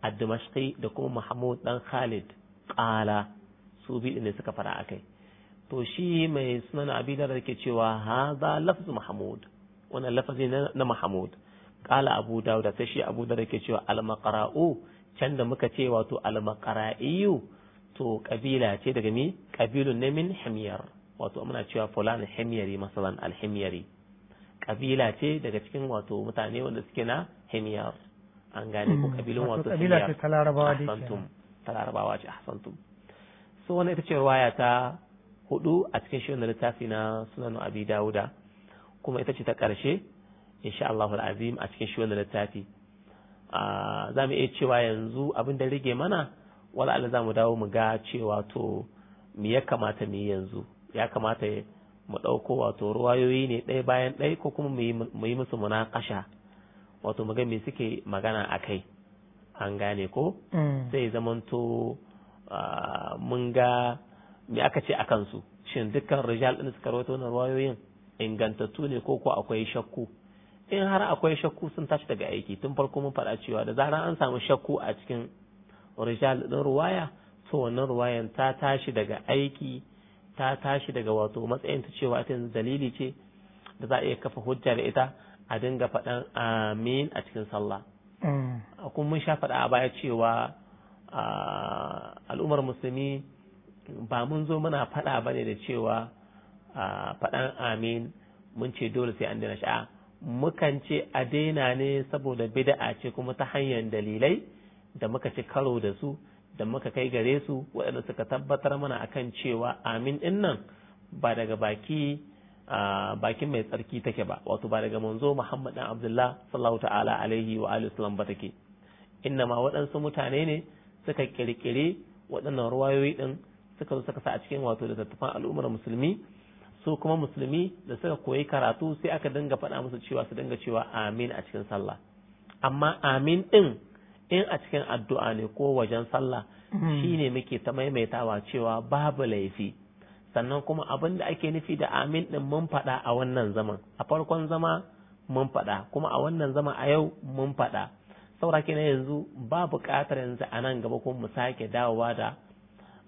ad da kuma mahmud dan khalid ƙala su biyu ne suka fara akai to shi mai sunan abidar da ke cewa hadha lafzu mahmud wannan lafazi na mahmud Ƙala abu dawud sai shi abu da ke cewa al-maqra'u can da muka ce wato al-maqra'iyu to kabila ce daga mi kabilun ne min himyar wato muna cewa fulan himyari masalan alhimyari kabila ce daga cikin wato mutane wanda suke na himyar an gane ko hmm. kabilun wato kabila ce talarabawa ce ahsantum ta larabawa ce ahsantum so wannan ita ce riwaya ta hudu a cikin shirin da littafi na sunan abi dauda kuma ita ce ta karshe insha Allahul azim a cikin shirin da littafi a ah, zamu iya cewa yanzu abin da rage mana wala Allah za mu dawo mu ga cewa to me ya kamata mu yi yanzu ya kamata mu ɗauko wato ruwayoyi ne ɗaya bayan ɗaya ko kuma mu yi musu munakasha wato mu ga me suke magana akai an gane ko mm. sai zamanto ah, mun ga me aka ce a kansu shin dukkan rijal din suka rawaito wannan ruwayoyin ingantattu ne ko ko akwai shakku in har akwai shakku sun tashi daga aiki tun farko mun faɗa cewa da zaran an samu shakku a cikin rijal din ruwaya to wannan ruwayan ta tashi daga aiki ta tashi daga wato matsayin ta cewa ita dalili ce da za a iya kafa hujja da ita a dinga faɗan amin a cikin sallah a mm. kuma mun sha faɗa a baya cewa al'ummar musulmi ba mun zo muna faɗa ba ne da cewa faɗan amin mun ce dole sai an daina sha'a mukan ce a daina ne saboda bida'a ce kuma ta hanyar dalilai da muka ci karo da su da muka kai gare su waɗanda suka tabbatar mana akan cewa amin ɗin nan ba daga baki bakin mai tsarki take ba wato ba daga manzo Muhammad dan Abdullah sallallahu ta'ala alaihi wa alihi wasallam ba take inna ma waɗansu mutane ne suka kirkire waɗannan ruwayoyi din suka suka sa a cikin wato da tattafan al'ummar musulmi su kuma musulmi da suka koyi karatu sai aka dinga faɗa musu cewa su dinga cewa amin a cikin sallah amma amin din in a cikin addu'a ne ko wajen sallah hmm. Shi ne muke ta maimaitawa cewa babu laifi sannan kuma abin da ake nufi da amin din mun faɗa a wannan zaman a farkon zama mun faɗa kuma a wannan zama a yau mun faɗa Sauraki na yanzu ba buƙatar yanzu a nan gaba kuma mu sake dawowa da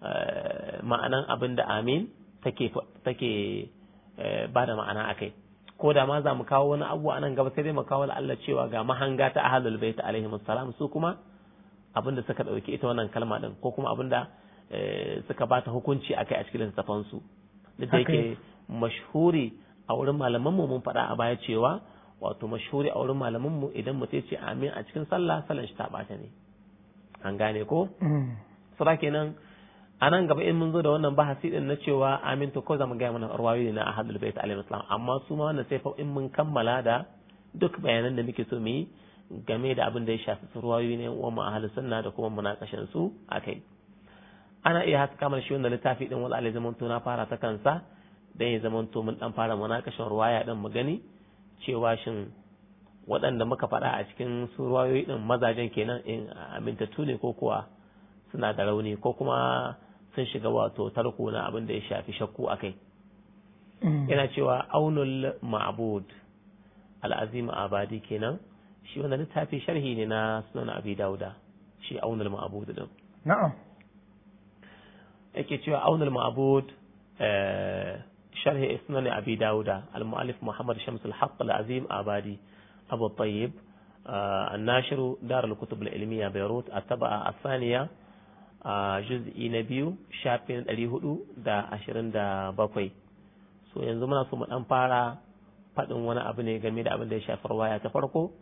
eh, ma'anan abin da amin take eh, ba da ma'ana a kai. ko da ma za mu kawo wani abu a nan gaba sai dai mu kawo Allah cewa ga mahanga ta ahlul bait alaihi salam su kuma abinda suka dauki ita wannan kalma din ko kuma abinda eh, suka ba ta hukunci akai a cikin littafan su da yake mashhuri a wurin malaman mu mun faɗa a baya cewa wato mashhuri a wurin malaman mu idan mutum ce amin a cikin sallah sallan shi ta bata ne an gane ko mm. sura kenan a nan gaba in mun zo da wannan bahasi din na cewa to ko za mu gaya mana ne na ahadul bait alaihi salam amma su ma wannan sai fa in mun kammala da duk bayanan da muke so mu yi game da abin da ya shafi su ne wa mu ahlus sunna da kuma munakashin su akai ana iya haska kamar shi wannan littafi din wal alai zaman na fara ta kansa dan ya zaman to mun dan fara munakashin ruwaya din mu gani cewa shin waɗanda muka faɗa a cikin su ruwayoyi din mazajen kenan in eh, amintattu ne ko kuwa suna da rauni ko kuma sun shiga wato tarko na abin da ya shafi shakku akai yana cewa aunul ma'bud al'azim abadi kenan shi wannan littafi sharhi ne na sunan abi dauda shi aunul ma'bud din na'am yake cewa aunul ma'bud sharhi sunan abi dauda al-mu'allif muhammad shams al-haqq al-azim abadi abu tayyib الناشر دار الكتب العلمية بيروت الطبعة الثانية a juz'i na biyu shafin ɗari hudu da ashirin da bakwai so yanzu muna so mu ɗan fara faɗin wani abu ne game da abin da ya shafar waya ta farko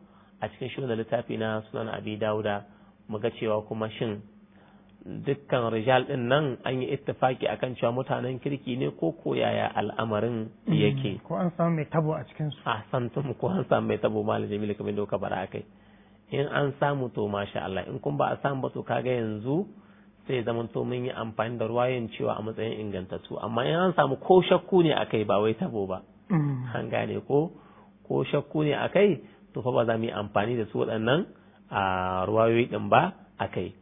a cikin shirin da littafi na sunan abi dawuda mu ga cewa kuma shin dukkan rijal ɗin nan an yi ittifaki akan cewa mutanen kirki ne ko ko yaya al'amarin mm-hmm. yake ko an samu mai tabo a cikin su a san tum ko an samu mai tabo malam jamil kamar da ka bara akai in an samu to masha Allah in kun ba a samu ba to kaga yanzu sai zamanto to mun yi amfani da ruwayoyin cewa a matsayin ingantattu amma in an samu ko shakku ne akai ba wai tabo ba mm. an gane ko ko shakku ne akai to fa ba za mu yi amfani da su waɗannan a ruwayoyi din ba akai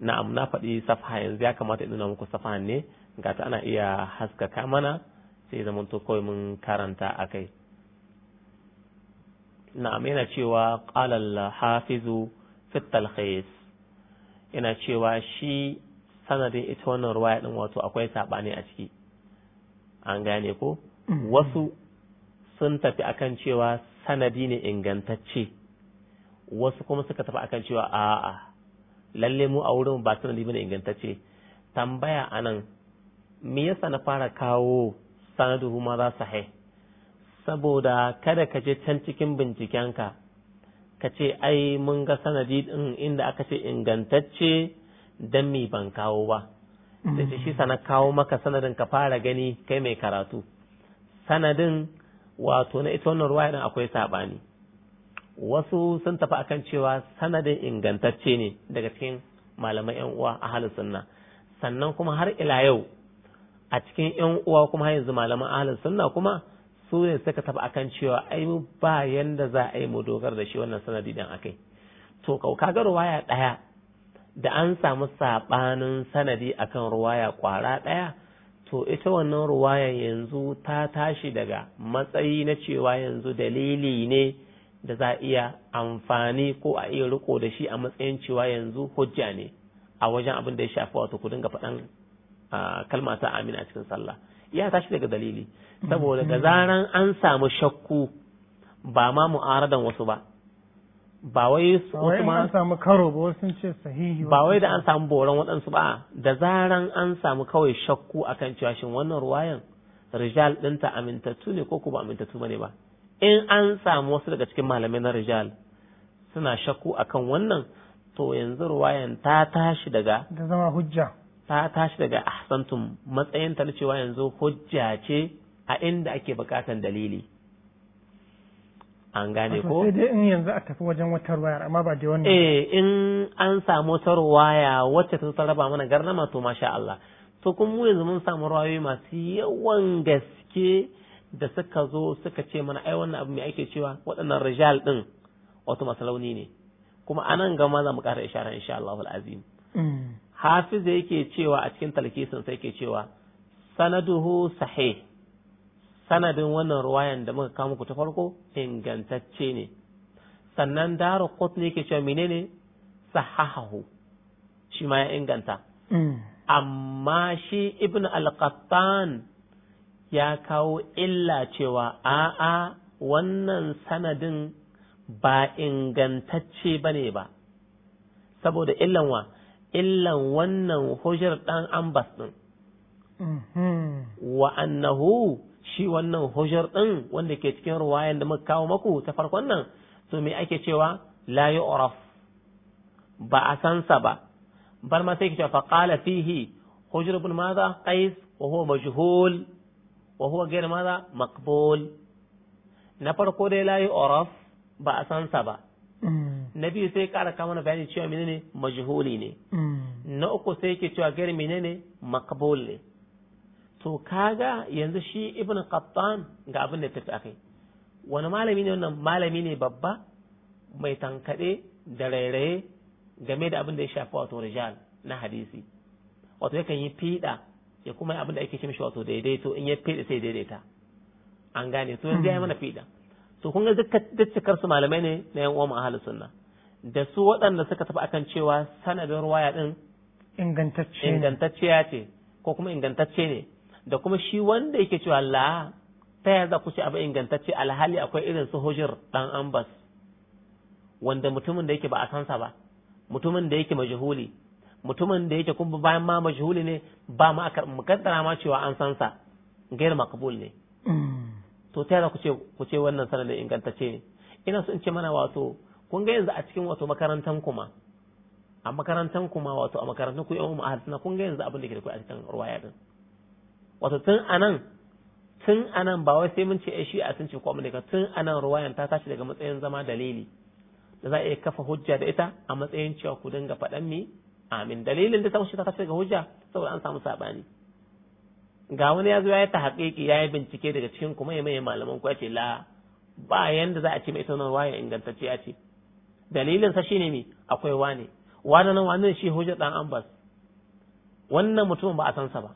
na'am na faɗi safa yanzu ya kamata in nuna muku safa ne ga ta ana iya haskaka mana sai zamanto to kawai mun karanta akai na'am yana cewa qala al-hafizu fi at-talkhis Ina cewa shi sanadin ita wannan ruwaya din wato akwai saɓani a ciki an gane ko mm-hmm. wasu sun tafi akan cewa sanadi ne ingantacce wasu kuma suka tafi akan cewa a'a lalle mu a wurin ba sanadi bane ingantacce tambaya anan me yasa na fara kawo sanadu ma za su saboda kada ka je can cikin bincikenka ka ce ai mun ga sanadi din inda aka ce ingantacce dan mi ban kawo ba Da ce shi sana kawo maka sanadin ka fara gani kai mai karatu sanadin wato na ita wannan ruwaya din akwai sabani wasu sun tafi akan cewa sanadin ingantacce ne daga cikin malaman yan uwa a halin sunna sannan kuma har ila yau a cikin yan uwa kuma har yanzu malaman ahlus sunna kuma su ne suka taba akan cewa ai mu ba yanda za a yi mu dogar da shi wannan sanadi dan akai to kau kaga ruwaya daya da an samu sabanin sanadi akan ruwaya kwara daya to ita wannan ruwaya yanzu ta tashi daga matsayi na cewa yanzu dalili ne da za a iya amfani ko a iya riko da shi a matsayin cewa yanzu hujja ne a wajen abin da ya shafi wato ku dinga faɗan ah, kalma ta a cikin sallah ya tashi daga dalili saboda da mm-hmm. zaran an samu shakku ba ma mu'aradan wasu ba ba wai wasu ma samu karo ba wasu ce sahihi ba wai da an samu boran waɗansu ba da zaran an samu kawai shakku akan cewa shin wannan ruwayan rijal ɗinta amintattu ne ko kuma amintattu bane ba in an samu wasu daga cikin malamai na rijal suna shakku akan wannan to yanzu ruwayan ta tashi daga da zama hujja ta tashi daga ahsantum matsayinta na cewa yanzu hujja ce a inda ake bukatan dalili an gane ko sai dai in yanzu a tafi wajen wata ruwaya amma ba da wannan eh in an samu wata ruwaya wacce ta saraba mana garnama to masha Allah to kun mu yanzu mun samu ruwayoyi masu yawan gaske da suka zo suka ce mana ai wannan abu mai ake cewa waɗannan rijal din wato masu ne kuma anan gama za mu ƙara isharar insha Allahu azim mm. hafiz yake cewa a cikin talkisin sai yake cewa sanaduhu sahih sanadin wannan ruwayan da muka kama ku ta farko ingantacce ne sannan daru qutni yake cewa menene sahahahu shi ma ya inganta mm. amma shi ibn al-qattan ya kawo illa cewa a'a wannan sanadin ba ingantacce bane ba saboda illan wa illan wannan hujjar dan ambas din mm-hmm. wa annahu shi wannan hujjar ɗin wanda ke cikin ruwayan da muka kawo maku ta farkon nan to me ake cewa la yu'raf ba a san sa ba bar ma sai ke cewa qala fihi hujr ibn madha qais wa huwa majhul wa huwa ghayr madha maqbul na farko dai la yu'raf ba a san sa ba mm. na biyu sai kara kama na bayani cewa menene majhuli ne mm. na uku sai ke cewa ghayr menene maqbul ne to kaga yanzu shi ibn qattan ga abin da tafi akai wani malami ne wannan malami ne babba mai tankade da rairaye game da abin da ya shafi wato rijal na hadisi wato yakan yi fiɗa ya kuma abin da ake ce mishi wato daidaito in ya fiɗa sai daidaita an gane to yanzu ya mana fiɗa to kun ga dukkan su malamai ne na yan uwan ahlus sunna da su waɗanda suka tafi akan cewa sanadin ruwaya din ya ce ko kuma ingantacce ne da kuma shi wanda yake cewa la ta yarda za ku ci abu ingantacce alhali akwai irin su hujir dan ambas wanda mutumin da yake ba a sansa ba mutumin da yake majhuli mutumin da yake kuma bayan ma majhuli ne ba ma aka mukaddara ma cewa an sansa gair makabul ne mm. to ta yarda ku ce ku ce wannan sanadin ingantacce ne ina so in ce mana wato kun ga yanzu a cikin wato makarantan kuma a makarantan kuma wato a makarantun ku yan mu a kun ga yanzu abin da ke da ku a cikin ruwaya din wato tun anan tun anan ba wai sai mun ce shi a sun ce ko daga tun anan ruwayan ta tashi daga matsayin zama dalili da za a iya kafa hujja da ita a matsayin cewa ku dinga faɗan mi amin dalilin da ta wuce ta tashi daga hujja saboda an samu saɓani ga wani ya zo ya yi ta haƙiƙi ya yi bincike daga cikin kuma ya mai malaman ku ya ce la ba yanda za a ce mai ita wannan ruwayan ya ce dalilin sa shine mi akwai wane wane nan wane shi hujja dan ambas wannan mutumin ba a san sa ba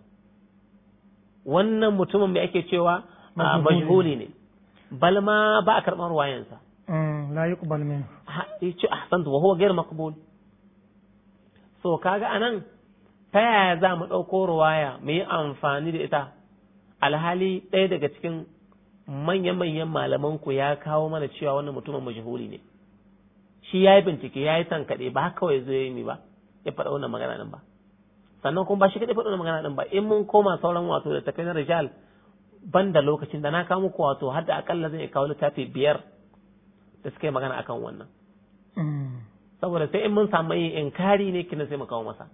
wannan mutumin mai ake cewa majhuli ne bal ma ba a karɓar wayansa mm, la yuqbal min yace ahsantu wa huwa ghayr maqbul so kaga anan ta yaya za mu ɗauko ruwaya mu yi amfani da ita alhali ɗaya daga cikin manya-manyan malaman ya kawo mana cewa wannan mutumin majhuli ne shi ya yi bincike ya yi tankaɗe ba kawai zo yi ba ya faɗa wannan magana nan ba sannan kuma ba shi kaɗai faɗo magana ɗin ba in mun koma sauran wato da takai na rijal ban da lokacin da na kawo muku wato har da akalla zai kawo littafi biyar da suka yi magana akan wannan mm. saboda sai in mun samu yin inkari ne kina sai mu kawo masa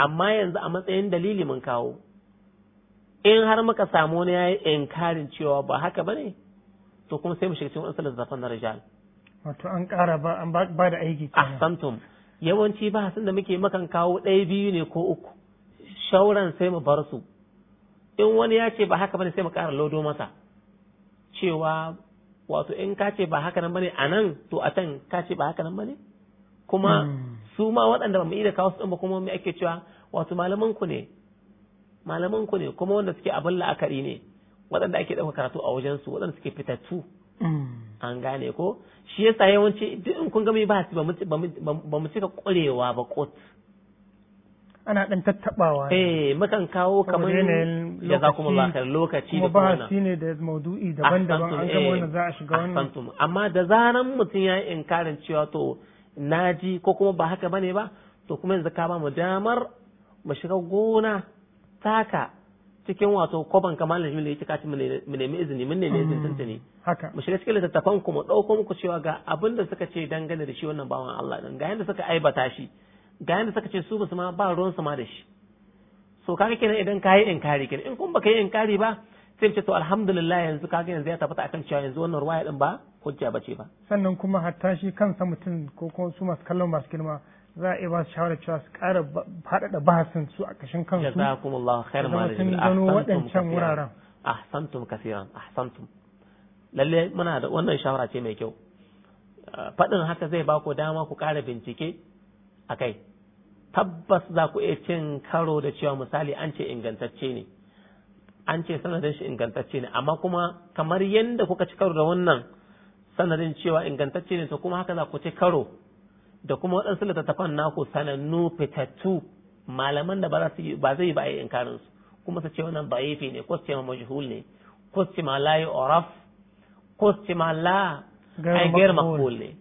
amma yanzu a matsayin dalili mun kawo in har muka samu wani yayi inkarin cewa ba haka bane to kuma sai mu shiga cikin wasu zafan na rijal wato an ƙara ba an ba da aiki ahsantum yawanci ba sun da muke makan kawo ɗaya biyu ne ko uku shauran sai mu bar su in wani ya ce ba haka bane sai mu ƙara lodo masa cewa wato in ka ce ba haka nan bane a nan to a can ka ce ba haka nan bane kuma hmm. su ma waɗanda ba mu iya kawo su ba kuma mu ake cewa wato malaman ku ne malaman ku ne kuma wanda suke abin la'akari ne waɗanda ake ɗauka karatu a wajen su waɗanda suke fitattu Mm. an gane ko shi yasa yawanci duk in kun ga mai ba ba mu cika ƙwarewa ba kot ana dan tattabawa eh mukan kawo kamar ya za kuma ba bakar lokaci da kuma ba shi ne da maudu'i daban-daban an gama eh, wannan za a shiga wannan amma da zaran mutum ya yi inkarin cewa to naji ko kuma ba haka bane ba to kuma yanzu ka ba mu damar mu shiga gona taka cikin wato kwaban kamar da jimla yake kaci mu nemi izini mun nemi izini mm, tuntuni haka mu shiga cikin littattafan ku mu ɗauko muku cewa ga abin da suka ce dangane da shi wannan bawan Allah din ga yanda suka aibata shi ga yanda suka ce su basu ma ba ruwan su ma da shi so kaga kenan idan ka yi inkari kenan in kun baka yi inkari ba sai ce to alhamdulillah yanzu kaga yanzu ya tabbata akan cewa yanzu wannan ruwaya din ba hujja bace ba sannan kuma hatta shi kansa mutum ko kuma su masu kallon masu girma za a iya ba su shawarar cewa su ƙara faɗaɗa bahasin su a ƙashin kansu jazakumullahu khairan malamin a san waɗancan wuraren ahsantum kasiran ahsantum lalle muna da wannan shawara ce mai kyau eh, faɗin haka zai ba ku dama ku ƙara bincike a kai tabbas za ku iya cin karo da cewa misali an ce ingantacce ne an ce sanadin shi ingantacce ne amma kuma kamar yadda kuka ci karo da wannan sanadin cewa ingantacce ne to kuma haka za ku ci karo da kuma waɗansu littattafan naku sanannu fitattu malaman da ba zai yi ba a yi inkarin kuma su ce wannan da'ifi ne ko su ce ma ne ko ce ma la oraf ko su ce ma la a gair makul ne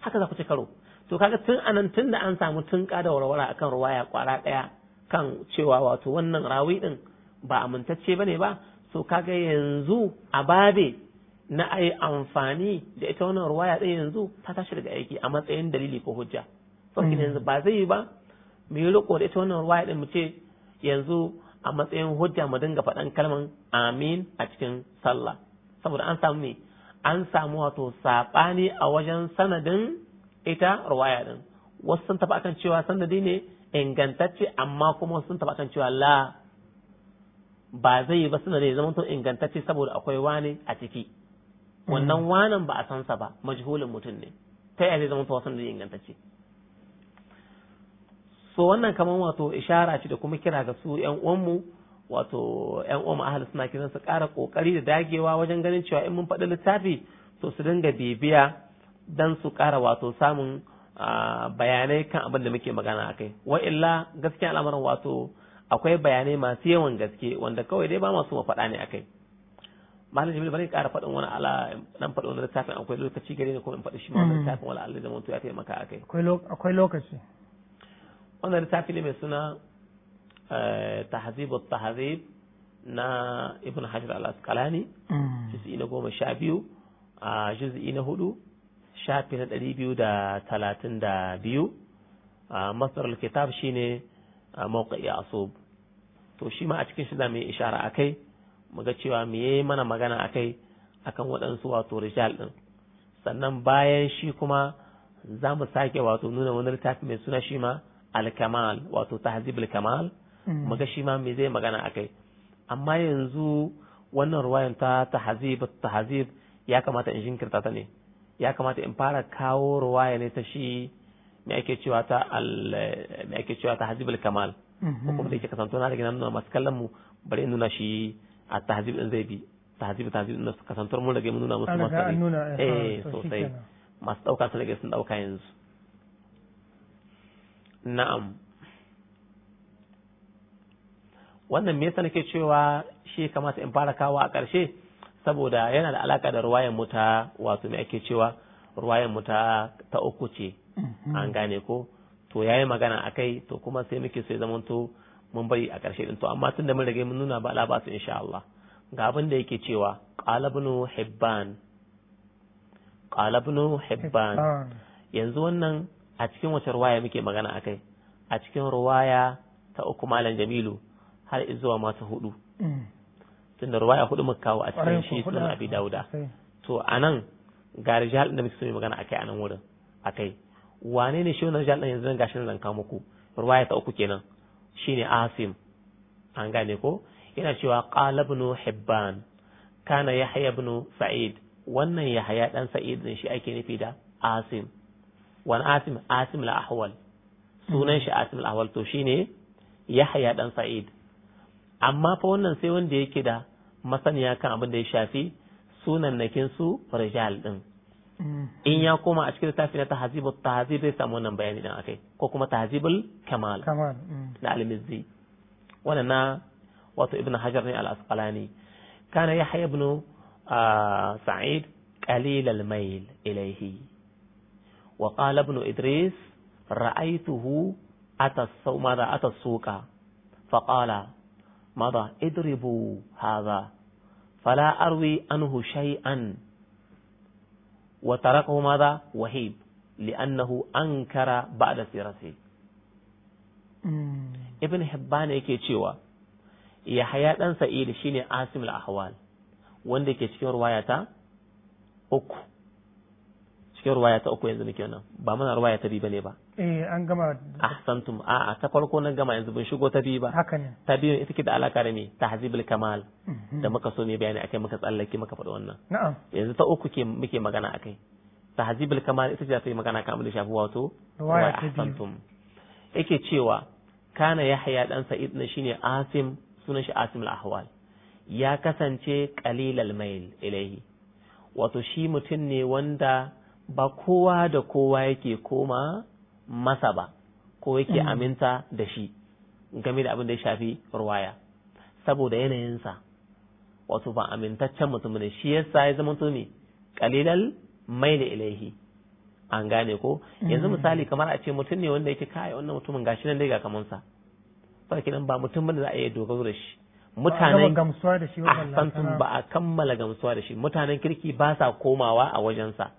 haka za ku ci karo to kaga tun anan tun da an samu tun kada warwara akan ruwaya kwara daya kan cewa wato wannan rawi din ba amintacce bane ba so kaga yanzu a babe na a yi amfani da ita wannan ruwaya ɗaya yanzu ta tashi daga aiki a matsayin dalili ko hujja sauki mm. yanzu ba zai yi ba mu yi riko da ita wannan ruwaya ɗin mu ce yanzu a matsayin hujja mu dinga faɗan kalman amin a cikin sallah saboda an samu ne an samu wato saɓani a wajen sanadin ita ruwaya ɗin wasu sun taɓa akan cewa sanadi ne ingantacce amma kuma sun taɓa akan cewa la ba zai yi ba suna ne zama to ingantacce saboda akwai wani a ciki wannan mm. wanan ba a san sa ba majhulin mutum ne ta yaya zai zama wasan da ingantacce so wannan kamar wato ishara ce da kuma kira ga su yan uwanmu wato yan uwan ahli suna kiran su ƙara kokari da dagewa wajen ganin cewa in mun faɗi littafi to su dinga bibiya dan su ƙara wato samun bayanai kan abin da muke magana a kai wa illa gaskiya al'amarin wato akwai bayanai masu yawan gaske wanda kawai dai ba masu mafaɗa ne a kai malam jibril bari ƙara faɗin wani ala nan faɗin wani littafin akwai lokaci gare ni kuma in faɗi shi ma wani mm-hmm. littafin wala Allah zaman to ya taimaka a kai akwai lokaci wannan littafi ne mai suna eh, tahzib tahzib na ibn hajar al asqalani mm. juz'i na goma sha biyu a juz'i na hudu shafi na ɗari biyu da talatin da biyu masar kitab shine mawqi'i asub to shi ma a cikin shi da mai ishara akai muga cewa me yayi mana magana akai akan waɗansu wato rijal ɗin sannan bayan shi kuma za mu sake wato nuna wani littafi mai suna shi ma alkamal wato tahzibul kamal mm. muga shi ma me zai magana akai amma yanzu wannan ruwayan ta tahzib tahzib ya kamata in jinkirta ta ne ya kamata in fara kawo ruwaya ne ta shi me ake cewa ta al me ake cewa ta hazibul kamal mm-hmm. ko kuma da yake kasanto na daga nan masu kallon mu bari in nuna shi a tahzib din zai bi tahzib tahzib din suka santar mun rage mun nuna musu masu eh sosai masu dauka su rage sun dauka yanzu na'am wannan me yasa nake cewa shi kamata in fara kawo a ƙarshe saboda yana da alaka da ruwayan mu wato me ake cewa ruwayan mu ta ta uku ce an gane ko to yayi magana akai to kuma sai muke so ya zamanto mun bari a ƙarshe din to amma tun da mun rage mun nuna ba la ba su insha Allah ga abin da yake cewa qalabnu hibban qalabnu hibban yanzu wannan a cikin wace ruwaya muke magana akai a cikin ruwaya ta uku malam Jamilu har zuwa masu hudu mm. tun da ruwaya hudu muka kawo a cikin shi sunan Abi Dauda to anan ga rijal da muke so magana akai anan wurin akai wane ne shi wannan rijal din yanzu gashi zan kawo muku ruwaya ta uku kenan shine asim an gane ko yana cewa qala ibn hibban kana yahya ibn sa'id wannan yahya dan sa'id din shi ake nufi da asim wani asim asim la ahwal sunan shi asim la ahwal to shine yahya dan sa'id amma fa wannan sai wanda yake da masaniya kan abin da ya shafi sunan nakin su rijal din in ya koma a cikin littafi na tahazibul tahazib zai samu wannan bayani dan akai ko kuma tahazibul kamal kamal na alimizi wannan na wato ibn hajar ne al-asqalani kana yahya ibn sa'id qalil al-mail ilayhi wa qala ibn idris ra'aytuhu ata mada ata suqa faqala ماذا اضربوا هذا فلا أروي عنه شيئا وتركه ماذا وهيب لأنه أنكر بعد سيرته ابن حبان يكي تشيوا يا حياة أنسى سئيل شيني عاصم الأحوال وندك تشيور وياتا أكو cikin ruwaya ta uku yanzu muke nan ba muna ruwaya ta biyu bane ba eh an gama ahsantum a a ta farko nan gama yanzu bin shigo ta biyu ba haka ne ta biyu ita ke da alaka da me tahzibul kamal mhm. da muka so ne bayani akai muka tsallake muka faɗi wannan na'am yanzu ta uku ke muke magana akai tahzibul kamal ita ce ta yi magana kan abin da shafi wato ruwaya ta biyu. yake cewa kana yahya dan sa'id ne shine asim sunan shi asim al-ahwal ya kasance qalilal mail ilayhi wato shi mutum ne wanda ba kowa da kowa yake koma masa ba ko yake mm. aminta da shi game da abin da ya shafi ruwaya saboda yanayinsa wato ba amintaccen mutum ne shi yasa ya zama ne kalilal mai da ilaihi an gane ko yanzu mm. misali kamar a ce mutum ne wanda yake kai wannan mutumin gashi nan dai ga kamansa ba ba mutum bane za a iya dogaro da shi mutanen gamsuwa da shi ba a kammala gamsuwa da shi mutanen kirki ba sa komawa a wajensa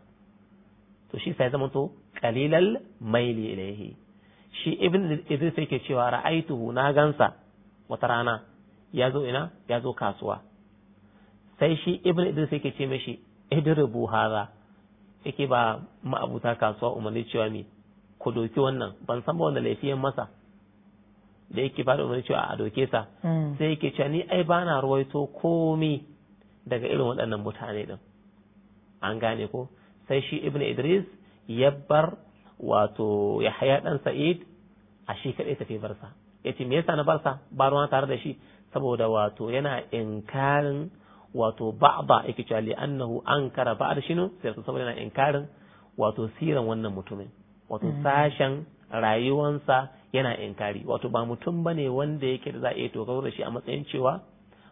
to shi sai zama to qalilal maili ilaihi shi ibn idris yake cewa ra'aituhu na gansa wata rana ya zo ina ya zo kasuwa sai shi ibn idris yake ce mishi idribu hadha yake ba ma'abuta kasuwa umarni cewa mi ku doki wannan ban san ba wanda laifiyan masa da yake ba da umarni cewa a doke sa hmm. sai yake cewa ni ai bana ruwaito komi daga irin waɗannan mutane din an gane ko sai shi ibn idris ya bar wato yahaya dan sa'id a shi kadai tafi barsa ya ce me yasa na barsa ba ruwa tare da shi saboda wato yana inkarin wato ba'da yake cewa li annahu ankara ba'da shinu sai saboda yana inkarin wato siran wannan mutumin wato mm. sashen rayuwansa yana inkari wato ba mutum bane wanda yake da za a iya da shi a matsayin cewa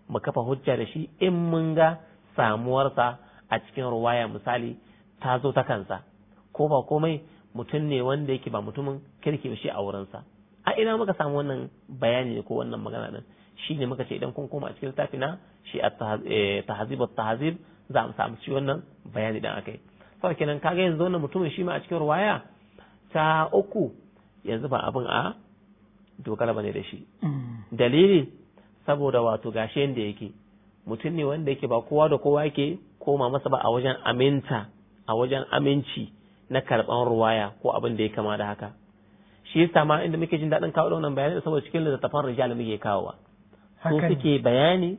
mu kafa hujja da shi in mun ga samuwarsa a cikin ruwaya misali ta zo ta kansa ko ba komai mutum ne wanda yake ba mutumin kirki shi a wurinsa a ina muka samu wannan bayani ko wannan magana nan? shi ne muka ce idan kun koma a cikin littafi na shi a eh, tahazib tahazib za mu samu shi wannan bayani dan akai sau kenan kaga yanzu wannan mutumin shi ma a cikin ruwaya ta uku yanzu ba abin a dogara bane da shi mm. dalili saboda wato gashi yanda yake mutum ne wanda yake ba kowa da kowa yake koma masa ba a wajen aminta a wajen aminci na karɓan ruwaya ko abin da ya kama da haka shi yasa ma inda muke jin daɗin kawo wannan bayanai saboda cikin littattafan rijal muke kawowa su suke bayani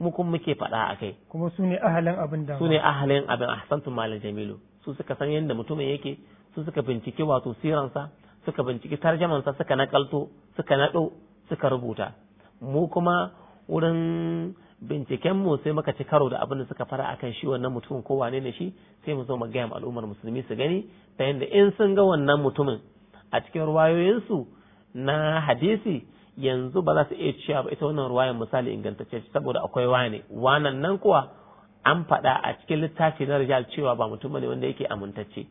mu kuma muke faɗa a kai kuma su ne ahalin abin da su ne ahalin abin ahsantum malam jamilu su suka san yadda mutumin yake su suka bincike wato siransa suka binciki tarjamansa suka nakalto suka naɗo suka rubuta mu kuma wurin binciken mu sai muka ci karo da abin da suka fara akan shi wannan mutumin ko wane ne shi sai mu zo mu gaya al'ummar musulmi su gani ta yadda in sun ga wannan mutumin a cikin ruwayoyinsu na hadisi yanzu ba za su iya cewa ba ita wannan ruwayan misali ingantacce saboda akwai wane wanan nan kuwa an faɗa a cikin littafi na rijal cewa ba mutum ne wanda yake amintacce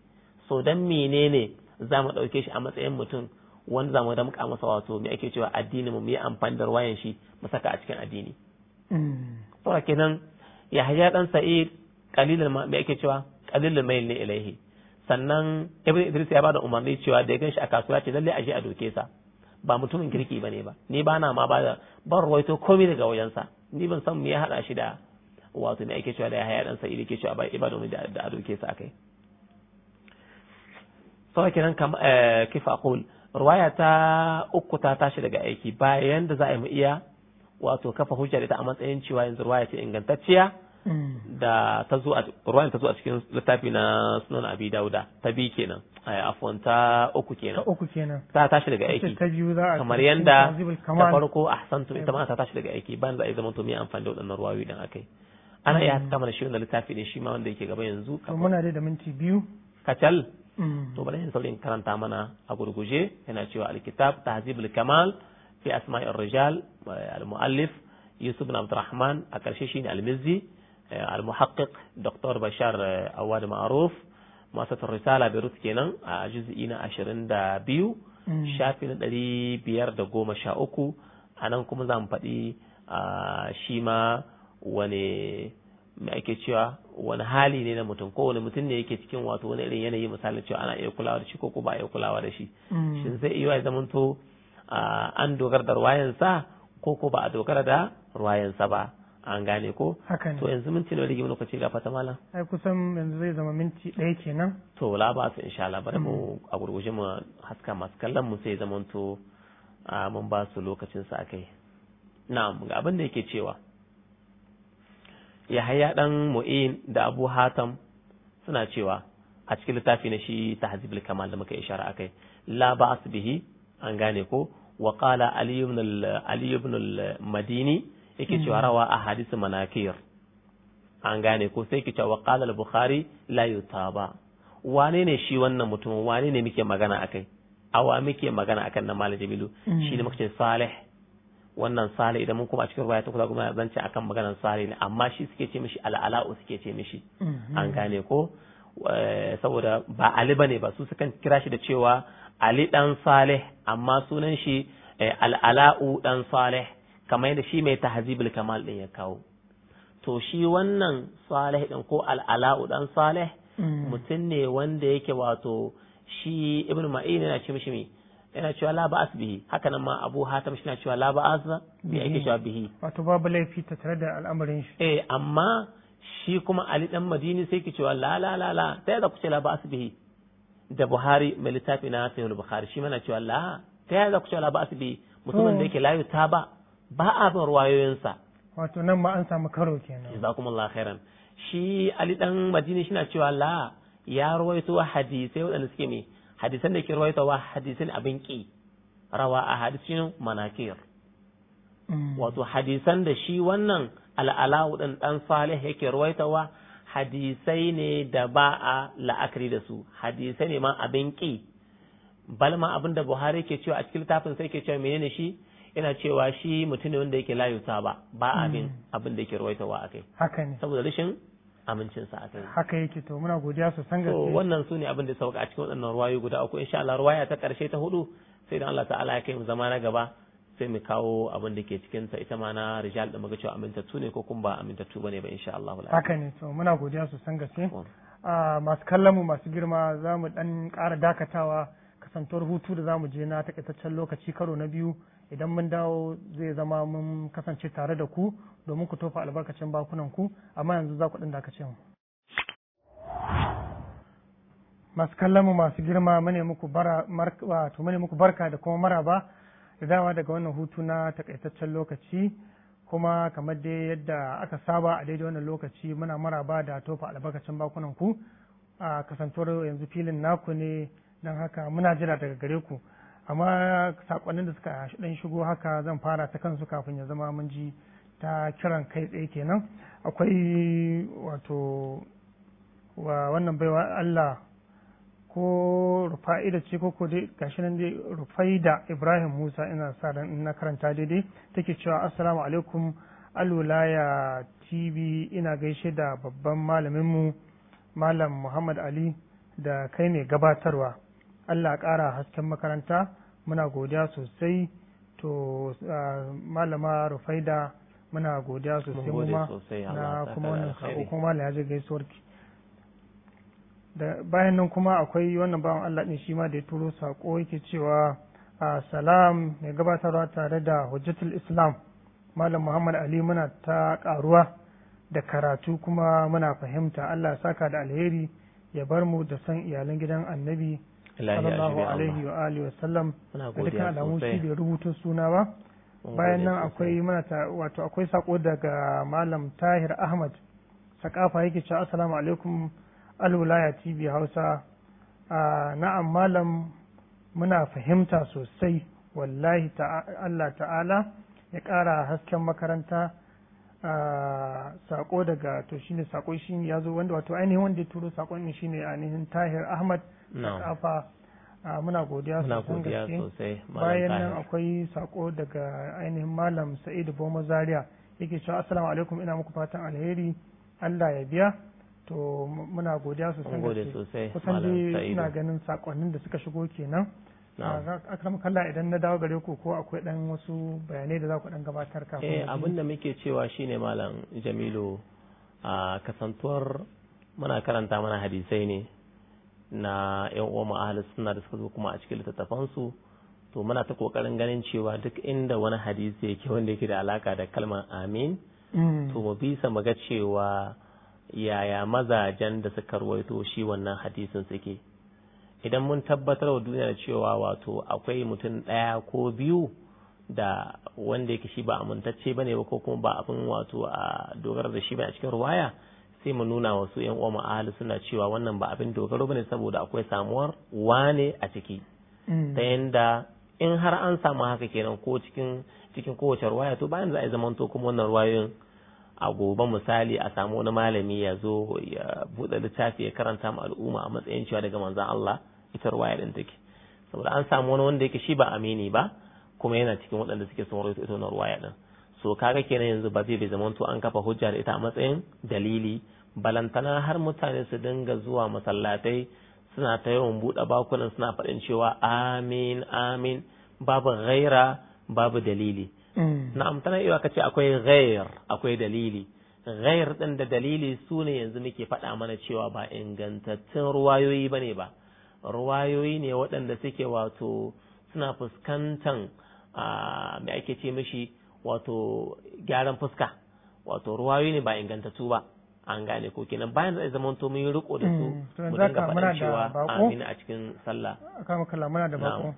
so dan menene za mu ɗauke shi a matsayin mutum wanda za mu damƙa masa wato me ake cewa addini mu yi amfani da ruwayan shi mu saka a cikin addini to hmm. kenan haja dan sa'id qalilan ma me ake cewa qalilan mai ne ilaihi sannan ibn idris ya bada umarni cewa da ya ganshi a kasuwa ce lalle je a doke sa ba mutumin kirki bane ba ni ba na ma ba ban ruwaito komai daga wajensa ni ban san me ya hada shi da wato me ake cewa da haja dan sa'id yake cewa ba ibadu da da doke sa akai sau kenan kam eh, kifa qul ruwaya ta uku ta tashi daga aiki bayan da za a yi mu iya wato kafa hujja da ita a matsayin cewa yanzu ruwaya ce ingantacciya mm. da ta zo a ta zo a cikin littafi na sunan abi dauda ta bi kenan afwan ta uku kenan ta uku kenan ta tashi daga aiki ta biyu za a kamar yanda ta farko ahsantu ita ma ta tashi daga aiki bayan za a yi zaman to mai amfani da wadannan ruwayoyi dan akai ana iya haska mana shi wannan littafi ne shi ma wanda yake gaba yanzu muna da minti biyu kacal mm. to bari in saurin karanta mana a gurguje yana cewa alkitab tahzibul kamal fi asma'ir rijal al-muallif yusuf bin Rahman a karshe shine al-mizzi al-muhaqqiq dr bashar awad ma'ruf masatar risala beirut kenan a juz'i na 22 shafi na 513 a nan kuma za mu faɗi shi ma wani mai ake cewa wani hali ne na mutum ko wani mutum ne yake cikin wato wani irin yanayi misalin cewa ana iya kulawa da shi ko ba iya kulawa da shi shin zai iya ya zamanto an dogara da ruwayansa ko ko ba a dogara da ruwayansa ba an gane ko haka ne to yanzu minti nawa rigi lokaci ga fata malam ai kusan yanzu zai zama minti ɗaya kenan to la ba su insha Allah bari mu a gurguje mu haska masu kallon mu sai zaman to mun ba su lokacin sa akai na'am ga abin da yake cewa Yahaya dan Mu'in da Abu Hatam suna cewa a cikin littafi na shi tahzibul kamal da muka ishara akai la ba'as bihi an gane ko wa qala ali ibn ali ibn al-madini yake cewa rawa a hadisi manakir an gane ko sai yake cewa qala al-bukhari la yutaba wane ne shi wannan mutum wane ne muke magana akai awa muke magana akan na malam jamilu shi ne muka salih wannan salih idan mun kuma a cikin ruwaya ta kula kuma ce akan maganar salih ne amma shi suke ce mishi al-ala'u suke ce mishi an gane ko Eh, saboda ba Ali bane ba su sukan kira shi da cewa Ali dan Saleh amma sunan shi eh, Al-Ala'u dan Saleh kamar yadda shi mai tahzibul kamal din ya kawo to shi wannan Saleh din ko Al-Ala'u dan Saleh mm. mutum ne wanda yake wato shi Ibn Ma'in yana ce mishi me yana cewa la ba'as bihi haka nan ma Abu Hatim shi na cewa la ba'as bihi yake cewa bihi wato babu laifi tattare da al'amarin shi eh amma shi kuma Ali dan Madini sai ki cewa la la la la ta yadda ku ce la ba bihi da Buhari mai littafi na sai Bukhari shi mana cewa la ta yadda ku ce la ba bihi mutumin da yake layu ta ba ba a bin ruwayoyinsa wato nan ma an samu karo kenan jazakumullahu khairan shi Ali dan Madini shi na cewa la ya ruwaito hadisai waɗanda suke mai? hadisan da ke ruwaito wa hadisan abin ki rawa a hadisin manakir mm. wato hadisan da shi wannan al'alawu ɗin ɗan salih yake ruwaitawa hadisai ne da ba a la'akari da su hadisai ne ma abin ƙi balma abin da buhari ke cewa a cikin littafin sai ke cewa menene shi yana cewa shi mutum ne wanda yake layuta ba ba abin mm. abin da yake ruwaitawa a kai haka ne saboda rashin amincinsa a kai haka yake to muna godiya su san gaske wannan su ne abin da sauka a cikin waɗannan ruwayoyi guda uku insha Allah ruwaya ta ƙarshe ta hudu sai dan Allah ta'ala ya kai mu zama na gaba sai mu kawo abin da ke cikin ta ita ma na rijal da muka cewa amintattu ne ko kuma ba amintattu bane ba insha Allah haka ne to muna godiya sosan gaske masu kallon mu masu girma za mu dan ƙara dakatawa kasantar hutu da za mu je na takaitaccen lokaci karo na biyu idan mun dawo zai zama mun kasance tare da ku domin ku tofa albarkacin bakunan ku amma yanzu za ku ɗin dakace mu. masu kallon mu masu girma mune muku muku barka da kuma maraba da dama daga wannan hutu na takaitaccen lokaci kuma kamar dai yadda aka saba a daidai wannan lokaci muna maraba da tofa albarkacin bakunan ku a kasantuwar yanzu filin naku ne don haka muna jira daga gare ku amma sakonnin da suka dan shigo haka zan fara ta kansu kafin ya zama mun ji ta kiran kai tsaye kenan akwai wato wa wannan baiwa Allah ko rufa'ida ce ko ko dai gashi nan dai rufaida ibrahim musa ina sa ran in na karanta daidai take cewa assalamu alaikum alwilaya tv ina gaishe da babban malaminmu malam muhammad ali da kai ne gabatarwa allah ƙara hasken makaranta muna godiya sosai to malama rufaida muna godiya sosai kuma na kuma wannan sako kuma malam ya je gaisuwarki da bayan nan kuma akwai wannan bawan Allah ɗin shi ma da ya turo saƙo yake cewa a salam mai gabatarwa tare da hujjatul islam malam muhammad ali muna ta ƙaruwa da karatu kuma muna fahimta Allah saka da alheri ya bar mu da san iyalan gidan annabi sallallahu alaihi wa alihi wa sallam da dukkan alamu shi bai rubuta suna ba bayan nan akwai mana wato akwai sako daga malam tahir ahmad sakafa yake cewa assalamu alaikum alwulaya tv hausa na'am malam muna fahimta sosai wallahi allah ta'ala ya ƙara hasken makaranta sako daga to shine sako shi ya zo wanda wato ainihin wanda ya turo sakon ne shine ainihin tahir ahmad kafa muna godiya sosai bayan nan akwai sako daga ainihin malam Saidu bomo zaria yake cewa assalamu alaikum ina muku fatan alheri allah ya biya to muna godiya sosai kusan dai ina ganin sakonnin da suka shigo kenan akram kalla idan na dawo gare ku ko akwai dan wasu bayanai da za ku dan gabatar kafin eh abin da muke cewa shine malam Jamilu a kasantuwar muna karanta mana hadisai ne na yan uwa mu ahlus sunna da suka zo kuma a cikin littattafan to muna ta kokarin ganin cewa duk inda wani hadisi yake wanda yake da alaka da kalmar amin mm. to mu bisa muga cewa yaya mazajen da suka ruwaito shi wannan hadisin suke idan mun tabbatar wa duniya da cewa wato akwai mutum ɗaya ko biyu da wanda yake shi ba amintacce ba ne ko kuma ba abin wato a dogara da shi ba a cikin ruwaya sai mu nuna wasu yan uwa ma'ahali suna cewa wannan ba abin dogaro ne saboda akwai samuwar wane a ciki mm. ta yadda in har an samu haka kenan ko cikin cikin kowace ruwaya to bayan za a yi zamanto kuma wannan ruwayoyin a gobe misali a samu wani malami ya zo ya buɗe littafi ya karanta ma al'umma a matsayin cewa daga manzan Allah ita ruwaya din take saboda an samu wani wanda yake shi ba amini ba kuma yana cikin waɗanda suke son rawaito ita wannan ruwaya din so kaga kenan yanzu ba zai bai zama to an kafa hujja da ita a matsayin dalili balantana har mutane su dinga zuwa masallatai suna ta yawan buɗe bakunan suna faɗin cewa amin amin babu ghaira babu dalili Mm. na'am tana iya kace akwai ghair akwai dalili ghair din da dalili su ne yanzu muke faɗa mana cewa ba ingantattun ruwayoyi bane ba ruwayoyi ne waɗanda suke wato suna fuskantan me ake ce mishi wato gyaran fuska wato ruwayoyi ne ba ingantattu ba an gane ko kenan bayan zai zama to mun riko da su mm. mu dinga faɗan cewa amin a cikin sallah kama kallon muna da bako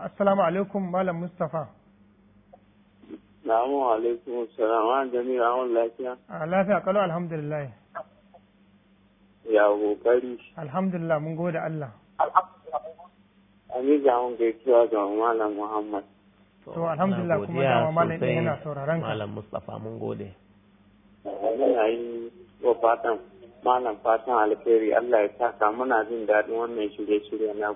assalamu alaikum malam mustafa Salamu alaikum salam an jami rawon lafiya. A ah, lafiya kalau alhamdulillah. Ya kokari. Alhamdulillah mun gode Allah. Alhamdulillah. Ani ga mun kai kiwa ga Malam Muhammad. To alhamdulillah kuma ga Malam din yana sauraron ka. Malam Mustafa mun gode. Muna yi wa fatan Malam fatan alkhairi Allah ya saka muna jin daɗin wannan shirye-shirye na.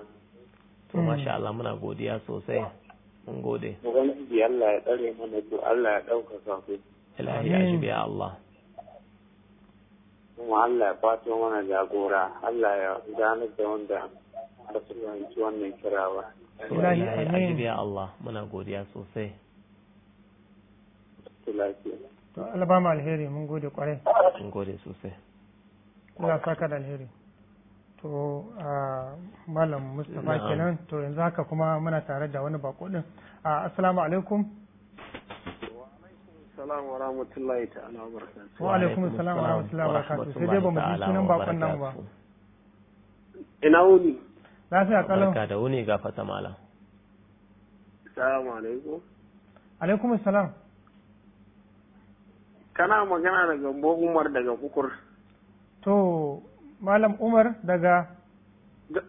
To masha Allah muna godiya sosai. mun gode ubangiji Allah ya tsare mana to Allah ya ɗaukaka ku ilahi ajibi ya Allah kuma Allah ya fato mana jagora Allah ya gudanar da wanda ba su yanci wannan kira ba ilahi ajibi ya Allah muna godiya sosai to Allah ba mu alheri mun gode kwarai mun gode sosai Allah saka da alheri so malam mustapha kenan to yanzu haka kuma muna tare da wani bako din assalamu alaikum wa wa alaikum salam wa rahmatullahi wa barakatuhu sai dai bamu ji sunan bakon nan ba ina wuni lafiya kalau barka da wuni ga fata malam assalamu alaikum alaikum assalam kana magana daga Gambo Umar daga Kukur to Malam Umar daga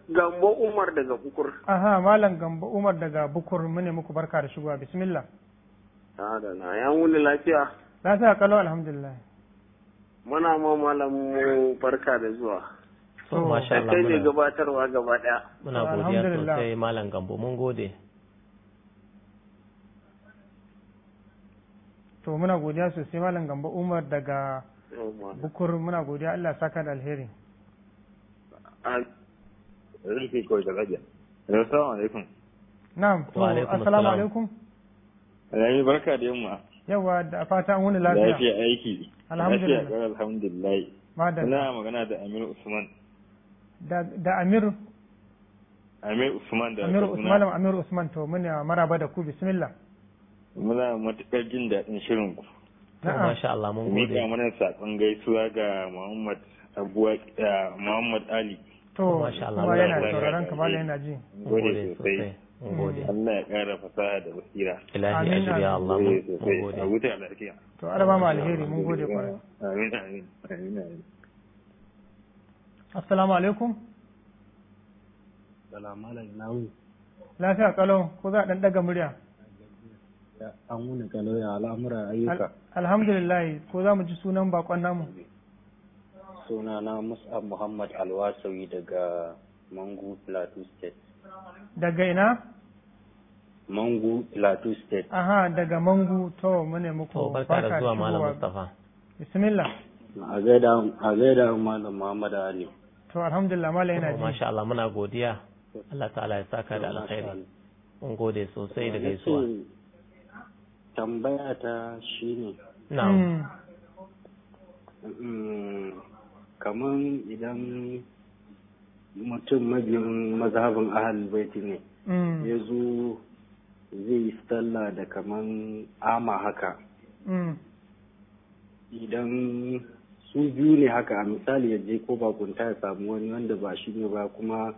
Gambo Umar daga Bukur. Aha, Malam Gambo Umar daga Bukur mune muku barka da shigowa bismillah. Da na ya wuni lafiya. Lafiya kalo alhamdulillah. Muna ma malam mu barka da zuwa. So masha Allah. Kai ne gabatarwa gaba daya. Muna godiya sosai Malam Gambo mun gode. To muna godiya sosai Malam Gambo Umar daga Bukur muna godiya Allah saka da alheri. rufe kawai da assalamu alaikum na'am assalamu alaikum barka da yamma. Yawa da fata an lafiya. Lafiya aiki. Alhamdulillah. alhamdulillah. Madalla. Ina magana da Amir Usman. Da da Amir Amir Usman da Amir Usman Amir Usman to muna maraba da ku bismillah. Muna matukar jin daɗin shirin ku. Na'am. Masha Allah mun gode. Mika mana sakon gaisuwa ga Muhammad Abuwa eh, Muhammad Ali. to oh, masha Allah kamar yana ji gode sosai hmm. Allah ya kara fasaha da basira ilahi to alheri mun gode kwarai amin alaikum salamu alaikum lafiya ko za a murya an alhamdulillah ko za mu ji sunan bakon namu suna na mus'ab muhammad alwasawi daga mangu plateau state daga ina mangu plateau state aha daga mangu to mune muku barka da zuwa malam mustafa bismillah a gaida a gaida malam muhammad ali to alhamdulillah malam yana ji masha Allah muna godiya Allah ta'ala ya saka da alkhairi mun gode sosai da gaisuwa tambaya ta shi ne. na'am hmm. mm, kaman idan mutum mabiyin mazhabin ahal baiti ne mm. ya zo zai yi sallah da kaman ama haka mm. idan su biyu ne haka a misali ya je ko bakunta ya samu wani wanda ba shi ne ba kuma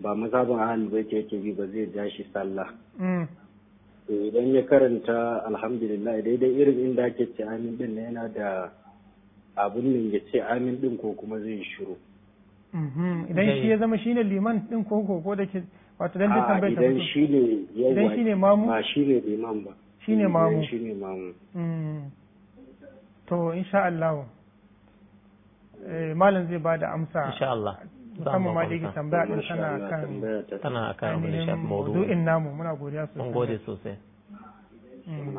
ba mazhabin ahal baiti yake bi ba zai ja shi sallah mm. idan ya karanta alhamdulillah daidai irin inda ake ce amin din yana da abin nan ya ce amin din ko kuma zai shiru mhm. idan shi ya zama shine liman din ko ko ko da ke wato dan dukkan bai idan shine idan shine mamu ba shine liman ba ne mamu ne mm. mamu to insha Allah eh, malam zai ba da amsa insha Allah musamman ma dai tambaya din tana kan tana kan abin da shafi namu muna godiya sosai gode sosai mm.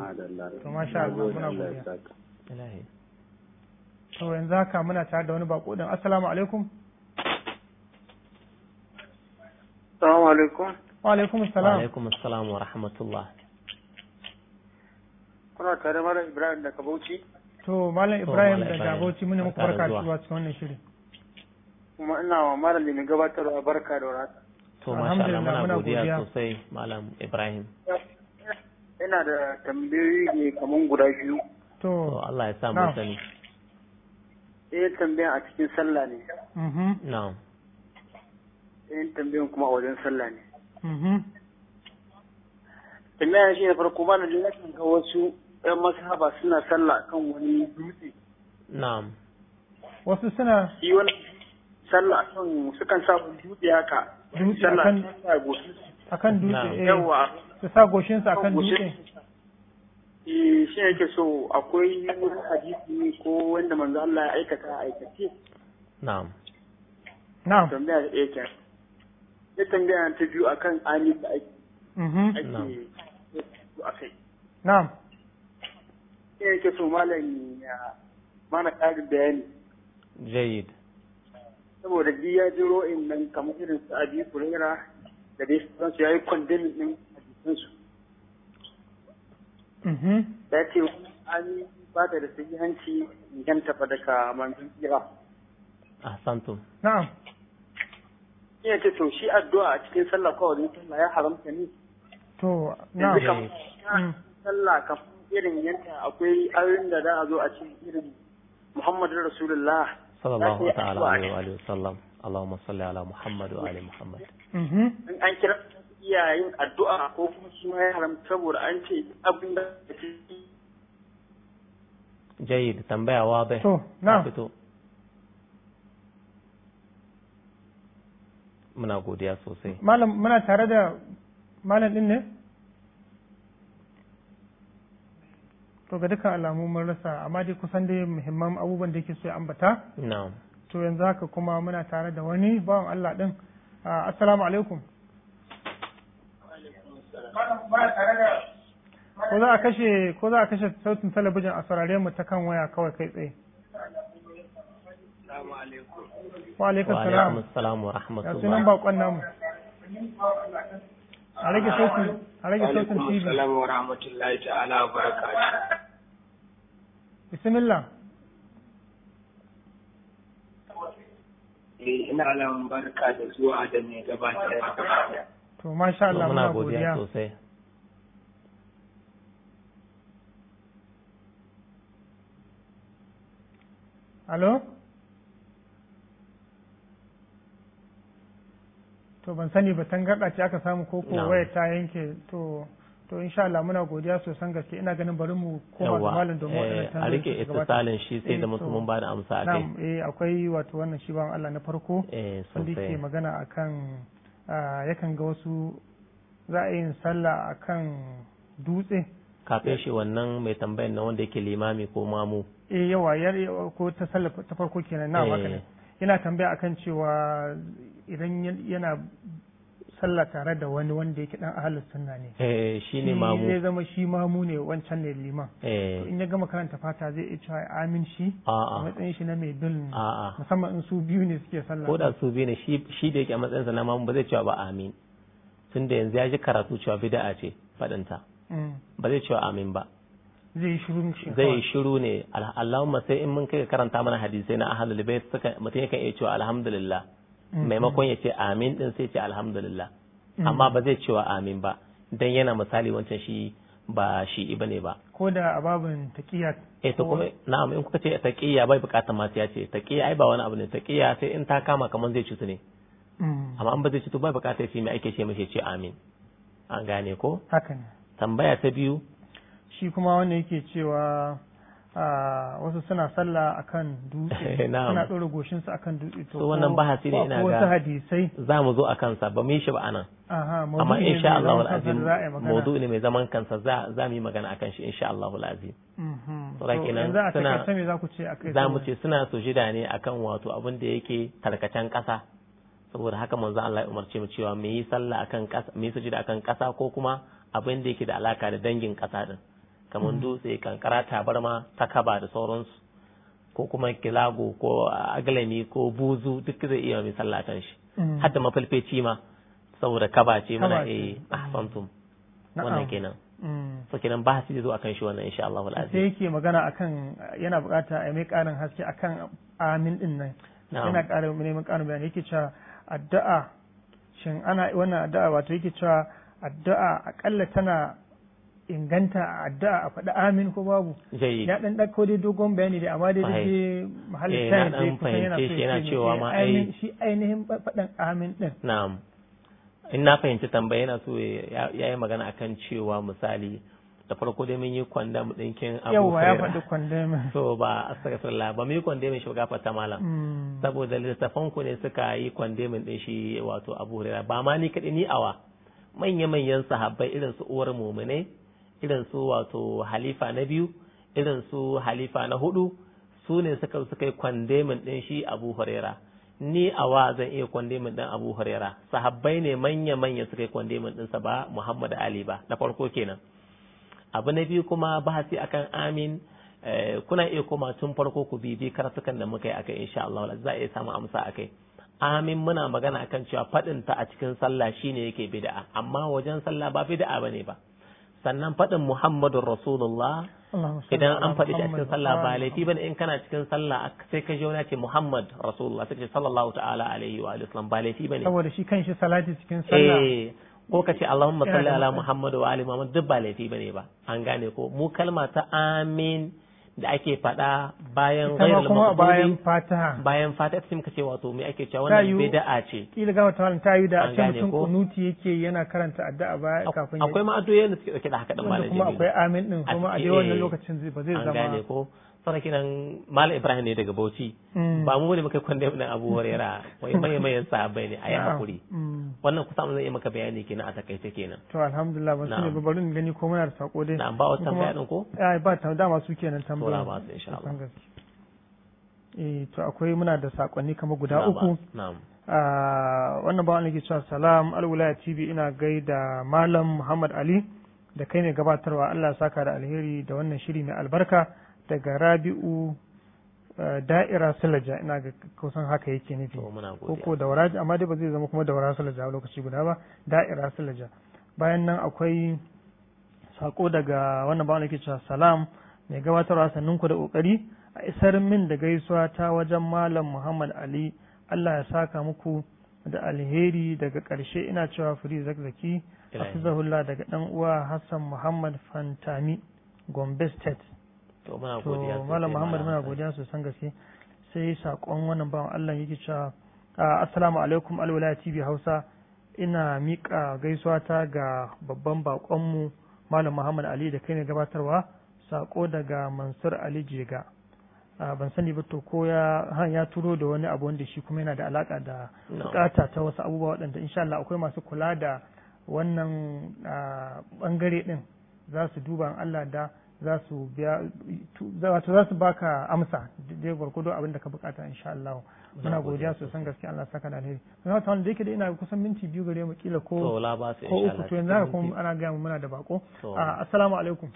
to muna to yanzu haka muna tare da wani bako din assalamu alaikum assalamu alaikum wa alaikum assalam wa alaikum assalam wa rahmatullah kuna tare malam ibrahim da Kabauci. to malam ibrahim da Kabauci muna muku barka da zuwa cikin wannan shirin kuma ina wa malam da gabatar gabatarwa barka da warhaka to masha Allah muna godiya sosai malam ibrahim ina da tambayoyi ne kaman guda biyu to Allah ya sa mu sani eh tambayan a cikin sallah ne mm-hmm. na'am eh tambayan kuma a wajen sallah ne mm-hmm. tambayan shi ne farko ba na lalatin ga wasu ɗan masahaba suna sallah kan wani dutse na'am wasu suna Shi wani sallah kan sukan sa dutse haka sallah akan dutse eh, yawa su sa goshinsa akan dutse Eh shi yake so akwai hadisi ko wanda manzo Allah ya aikata a aikace. Na'am. Na'am. Tambaya da yake. Ya tambaya ta biyu akan ani da ake. Mhm. Na'am. Akai. Na'am. Shi yake so malami ya mana ƙarin bayani. Jayyid. Saboda biyu ya jiro in nan kamar irin su Abi Hurairah da dai sauransu ya yi kwandamin ɗin hadisansu. da mm-hmm. ya ce an ba ta da sahihanci idan ta daga manzon kira santo. na'am ya ce to shi addu'a a cikin sallah kawai wajen sallah ya haramta ne to na'am mm. sallah ka irin yanta akwai ayoyin da za a zo a cikin irin Muhammadu rasulullah sallallahu ta'ala wa sallam اللهم صل على محمد وآل محمد. أن كرت iya yin addu'a ko kuma shi ma ya haramta saboda an ce abin da ke da tambaya wa bai to na fito muna godiya sosai malam muna tare da malam din ne to ga dukkan alamu mun rasa amma dai kusan dai muhimman abubuwan da yake so ya ambata to yanzu haka kuma muna tare da wani bawan Allah din ah, assalamu alaikum ko za a kashe ko za a kashe sautin talabijin a saurare mu ta kan waya kawai kai tsaye wa alaikum salam wa salam wa rahmatullahi ya sunan bakon namu a rage sautin a rage sautin tv wa rahmatullahi ta'ala wa barakatuh bismillah eh, ina alamun barka da zuwa da mai gabatar da to masha Allah muna godiya sosai alo to ban sani ba tangarɗa ce aka samu ko ko waya ta yanke to to insha Allah muna godiya sosan gaske ina ganin bari mu koma ga malam domin wannan eh, a rike ittisalin shi sai da eh, musu mun bada amsa a kai eh akwai wato wannan shi ban Allah na farko eh sosai magana akan yakan ga wasu za a yi sallah akan dutse kafin shi wannan mai tambayan na wanda yake limami ko mamu eh yawa yar ko ta sallah ta farko kenan na maka ne eh. yana tambaya akan cewa idan yana sallah tare da wani wanda yake dan ahlus sunna ne eh, eh shine mamu zai zama shi mamu ne wancan ne liman eh. to in ya gama karanta fata zai yi cewa amin shi a matsayin shi na mai bin musamman in su biyu ne suke sallah ko da su biyu ne shi shi da yake a matsayin sa na mamu ba zai cewa ba amin tunda yanzu ya ji karatu cewa bid'a ce fadanta mm. ba zai cewa amin ba zai shiru ne zai shiru ne allahumma sai in mun kai karanta mana hadisai na ahlul bait suka mutum yakan iya cewa alhamdulillah Mm-hmm. maimakon ya ce amin din sai ce alhamdulillah mm-hmm. amma ba zai cewa amin ba dan yana misali wancan shi ba shi iba ne ba ko da ababin taqiyya eh to kuma na'am in kuka ce taqiyya bai bukatar ma sai ya ce taqiyya ai ba wani abu ne taqiyya sai in ta kama kaman zai cutu ne mm-hmm. amma an ba zai cutu bai bukatar shi mai ake ce mashi ce amin an gane ko haka ne tambaya ta biyu shi kuma wanda yake cewa wasu suna sallah akan dutse suna ɗora goshinsu akan dutse to wannan bahasi ne ina ga wasu hadisai za mu zo akan sa ba mu yi shi ba anan amma insha Allah azim mawdu ne mai zaman kansa za za mu yi magana akan shi insha Allah azim mhm. to kenan suna za mu ce suna sujida ne akan wato abin da yake tarkacen kasa saboda haka manzo Allah ya umarce mu cewa mu yi sallah akan kasa mu yi sujida akan kasa ko kuma abin da yake da alaka da dangin kasa din kamar mm-hmm. dutse kankara tabarma kaba da sauransu ko kuma kilago ko agalami ko buzu duk zai iya mai sallatan shi mm-hmm. Hadda mafalfeci ma saboda kaba ce mana a eh, ahsantum wannan kenan mm. so kenan ba su zo akan shi wannan insha Allah wala azim sai yake magana akan yana bukata a mai karin haske akan amin din nan yana karin neman karin bayani yake cewa addu'a shin ana wannan addu'a wato yake cewa addu'a akalla tana inganta a addu'a a faɗi amin ko babu ya dan ɗauko dai dogon bayani da amma dai dai mahallin tayin eh, dai kusan yana so yana cewa ma eh, ai shi ainihin faɗan amin din na'am in na fahimci tambaya yana so ya yi magana akan cewa misali da farko dai mun yi kwandam ɗinkin abu yawa ya faɗi kwandam so ba astagfirullah ba mu yi kwandam shi ga fata malam mm. saboda littafan ku ne suka yi kwandam ɗin shi wato abu hurairah ba ma ni kaɗai ni awa manya-manyan sahabbai irin su uwar mumune irin su wato halifa na biyu irin su halifa na hudu su ne suka suka yi kwandemin din shi abu huraira ni a wa zan iya kwandemin din abu huraira sahabbai ne manya manya suka yi kwandemin sa ba muhammad ali ba na farko kenan abu na biyu kuma bahasi akan amin eh, kuna iya koma tun farko ku bibi karatukan da muka yi akai insha Allah za a iya samu amsa akai amin muna magana akan cewa faɗin ta a cikin sallah shine yake bid'a amma wajen sallah ba bid'a bane ba sannan faɗin Muhammadun Rasulullah idan an faɗi shi a cikin sallah ba laifi bane in kana cikin sallah sai ka jona ce Muhammad Rasulullah sai ce sallallahu ta'ala alaihi wa alihi wasallam ba laifi bane saboda shi kanshi salati cikin sallah eh, ko ka ce Allahumma salli ala Muhammad wa ali Muhammad duk ba laifi bane ba an gane ko mu kalma ta amin da ake faɗa bayan ghairul kuma bayan fataha bayan fataha sai muka ce wato me ake cewa wannan bid'a ce kila ga mutum ta yi da a ce mutum kunuti yake yana karanta addu'a ba kafin akwai ma addu'o'i da suke dauke da haka da malamin kuma akwai amin din kuma a dai eh, wannan lokacin zai ba zai zama gane ko sana kiran Malam Ibrahim ne daga Bauchi hmm. ba mu ne muka kwande nan Abu Huraira wai mai mai sahabbai ne a yi hakuri hmm. wannan kusa mun zai maka bayani kenan a takaice kenan to alhamdulillah ba sani ba barin gani ko muna da sako dai na ba wata tambaya din ko eh ba ta dama su kenan tambaya ba su insha Allah eh to akwai muna da sakonni kamar guda uku na'am ah, wannan bawan nake cewa salam Alwulaya tv ina gaida malam muhammad ali da kai ne gabatarwa allah saka da alheri da wannan shiri mai albarka daga rabi'u uh, da'ira salaja ina ga kusan haka yake nufi ko ko daura amma dai ba zai zama kuma daura salaja a lokaci guda ba da'ira salaja bayan nan akwai sako daga wannan bawan yake cewa salam mai gabatarwa sannin ku da kokari a isar min da gaisuwa ta wajen malam Muhammad Ali Allah ya saka muku da alheri daga karshe ina cewa firi zakzaki a daga dan uwa Hassan Muhammad Fantami Gombe State to muna godiya malam muhammad gaske sai sakon wannan bawan Allah yake cewa assalamu alaikum alwala tv hausa ina miƙa gaisuwa ta ga babban mu malam muhammad ali da kai ne gabatarwa sako daga mansur ali jega ban sani ba to ko ya han ya turo da wani abu wanda shi kuma yana da alaka da bukata ta wasu abubuwa waɗanda insha Allah akwai masu kula da wannan bangare din za su duba Allah da za su biya wato za su baka amsa dai gwargwado abin da ka bukata insha Allah muna godiya sosan gaske Allah saka da alheri kuma ta wanda yake da ina kusan minti biyu gare mu kila ko ko uku to yanzu kuma ana gaya mu muna da bako ah, assalamu alaikum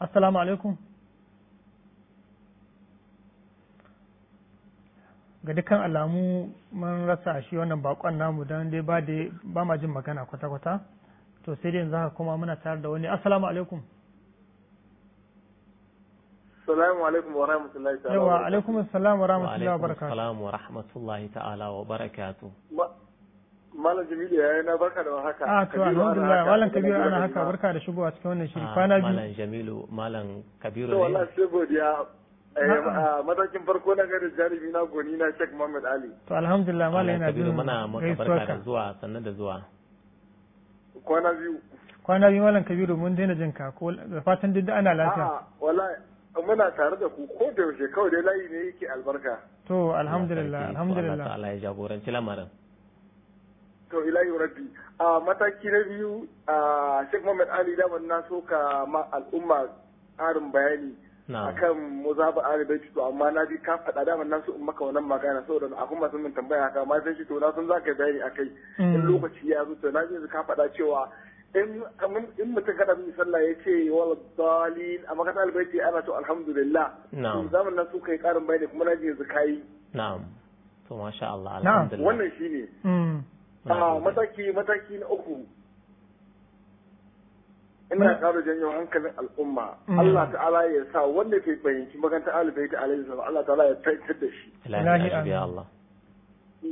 assalamu alaikum ga dukkan alamu mun rasa shi wannan bakon namu don dai ba da ba ma jin magana kwata-kwata to sai dai yanzu haka kuma muna tayar da wani assalamu alaikum Salamu alaikum wa rahmatullahi ta'ala. wa barakatu. wa alaikum wa rahmatullahi ta'ala wa barakatu. Malam Jamilu ya yi na barka da haka. Ah to alhamdulillah Malam Kabiru ana haka barka da shigowa cikin wannan shiri ah, kwana biyu. Malam Jamilu Malam Kabiru ne. To sai godiya Eh, matakin farko na gari jarumi na goni na Sheikh Muhammad Ali. To alhamdulillah malai na biyu muna barka da zuwa sannan da zuwa. Kwana biyu. Kwana biyu malam Kabiru mun daina jin ka ko da fatan duk ana lafiya. A'a wallahi muna tare da ku ko da yaushe kawai dai layi ne yake albarka. To alhamdulillah alhamdulillah. Allah ya jagoranci lamarin. to ilahi rabbi a mataki na biyu a sheikh muhammad ali da na so ka ma al'umma ƙarin bayani akan muzabu alibai to amma na ji ka faɗa da nan su in maka wannan magana saboda a kuma sun min tambaya ka ma sai shi to na sun zaka bayani akai in mm. lokaci ya zo to na ji ka faɗa cewa in mutum kada mai salla ya ce wala dalil a talibai ce ana to alhamdulillah zaman nan su kai karin bayani kuma na ji yanzu kai na'am to masha Allah alhamdulillah wannan shine mm. ah, mataki mataki na uku ina ƙara janyo hankalin al'umma mm. Allah ta'ala ya sa wanda ke fahimci maganta ta alaihi salam Allah ta'ala ya taitar da shi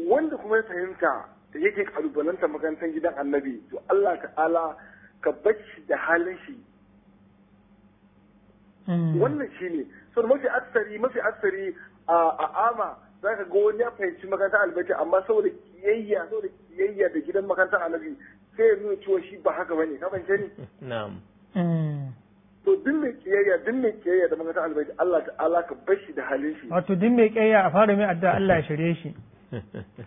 wanda kuma ya fahimta yake kalubalanta makarantar gidan annabi to Allah ta'ala ka bacci da halin shi mm. wannan shi ne so mafi aksari mafi aksari a ama za ka ga wani ya fahimci makarantar albaita amma saboda kiyayya saboda kiyayya da gidan makarantar annabi zai nuna cewa shi ba haka bane ka fahimce ni na'am mm. to duk mai kiyayya duk mai kiyayya da magana albaiti Allah ta ta'ala ka bar shi da halin shi wato duk mai kiyayya a fara mai addu'a Allah ya shirye shi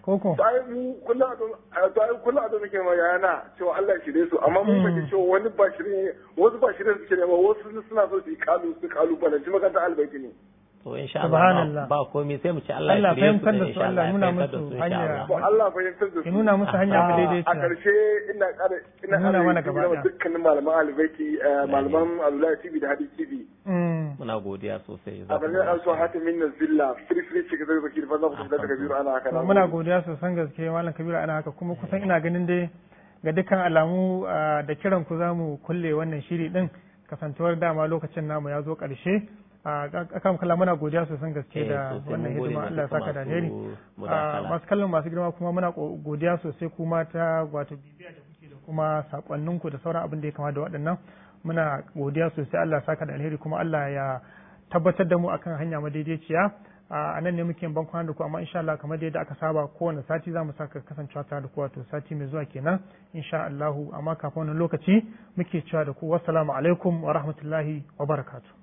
koko to mu kullu adon to kullu adon a to nake ma yana cewa Allah ya shirye su amma mun mm. bace cewa wani ba shirye wasu ba shirye su shirye ba wasu suna so su kalu su kalu balanci magana albaiti ne to sha Allah ba komai sai mu ci Allah ya fahimtar da su Allah nuna musu hanya Allah fahimtar da su nuna musu hanya ah, mu daidai a karshe ina ƙara ina nuna mana gaba da dukkanin malaman albaiti eh, malaman Abdullahi TV da Hadi TV mm. muna godiya sosai a bane an so hatimin nazilla free free shi da bakir fa za ku tabbata kabiru ana haka muna godiya sosai gaske malam kabiru ana haka kuma kusan ina ganin dai ga dukkan alamu ah, da kiran ku za mu kulle wannan shiri din kasantuwar dama lokacin namu ya zo ƙarshe aka kalla muna godiya sosan gaske eh, da wannan hidima Allah saka da masu kallon masu girma kuma muna godiya sosai kuma ta wato bibiya da kuke da kuma sakonninku da sauran abin da ya kama da waɗannan muna godiya sosai Allah saka da alheri kuma Allah ya tabbatar da mu akan hanya madaidaiciya a nan ne muke ban kwana da ku amma insha Allah kamar da yadda aka saba kowane sati za saka kasancewa tare da ku wato sati mai zuwa kenan insha Allah amma kafin wannan lokaci muke cewa da ku assalamu alaikum wa rahmatullahi wa barakatuh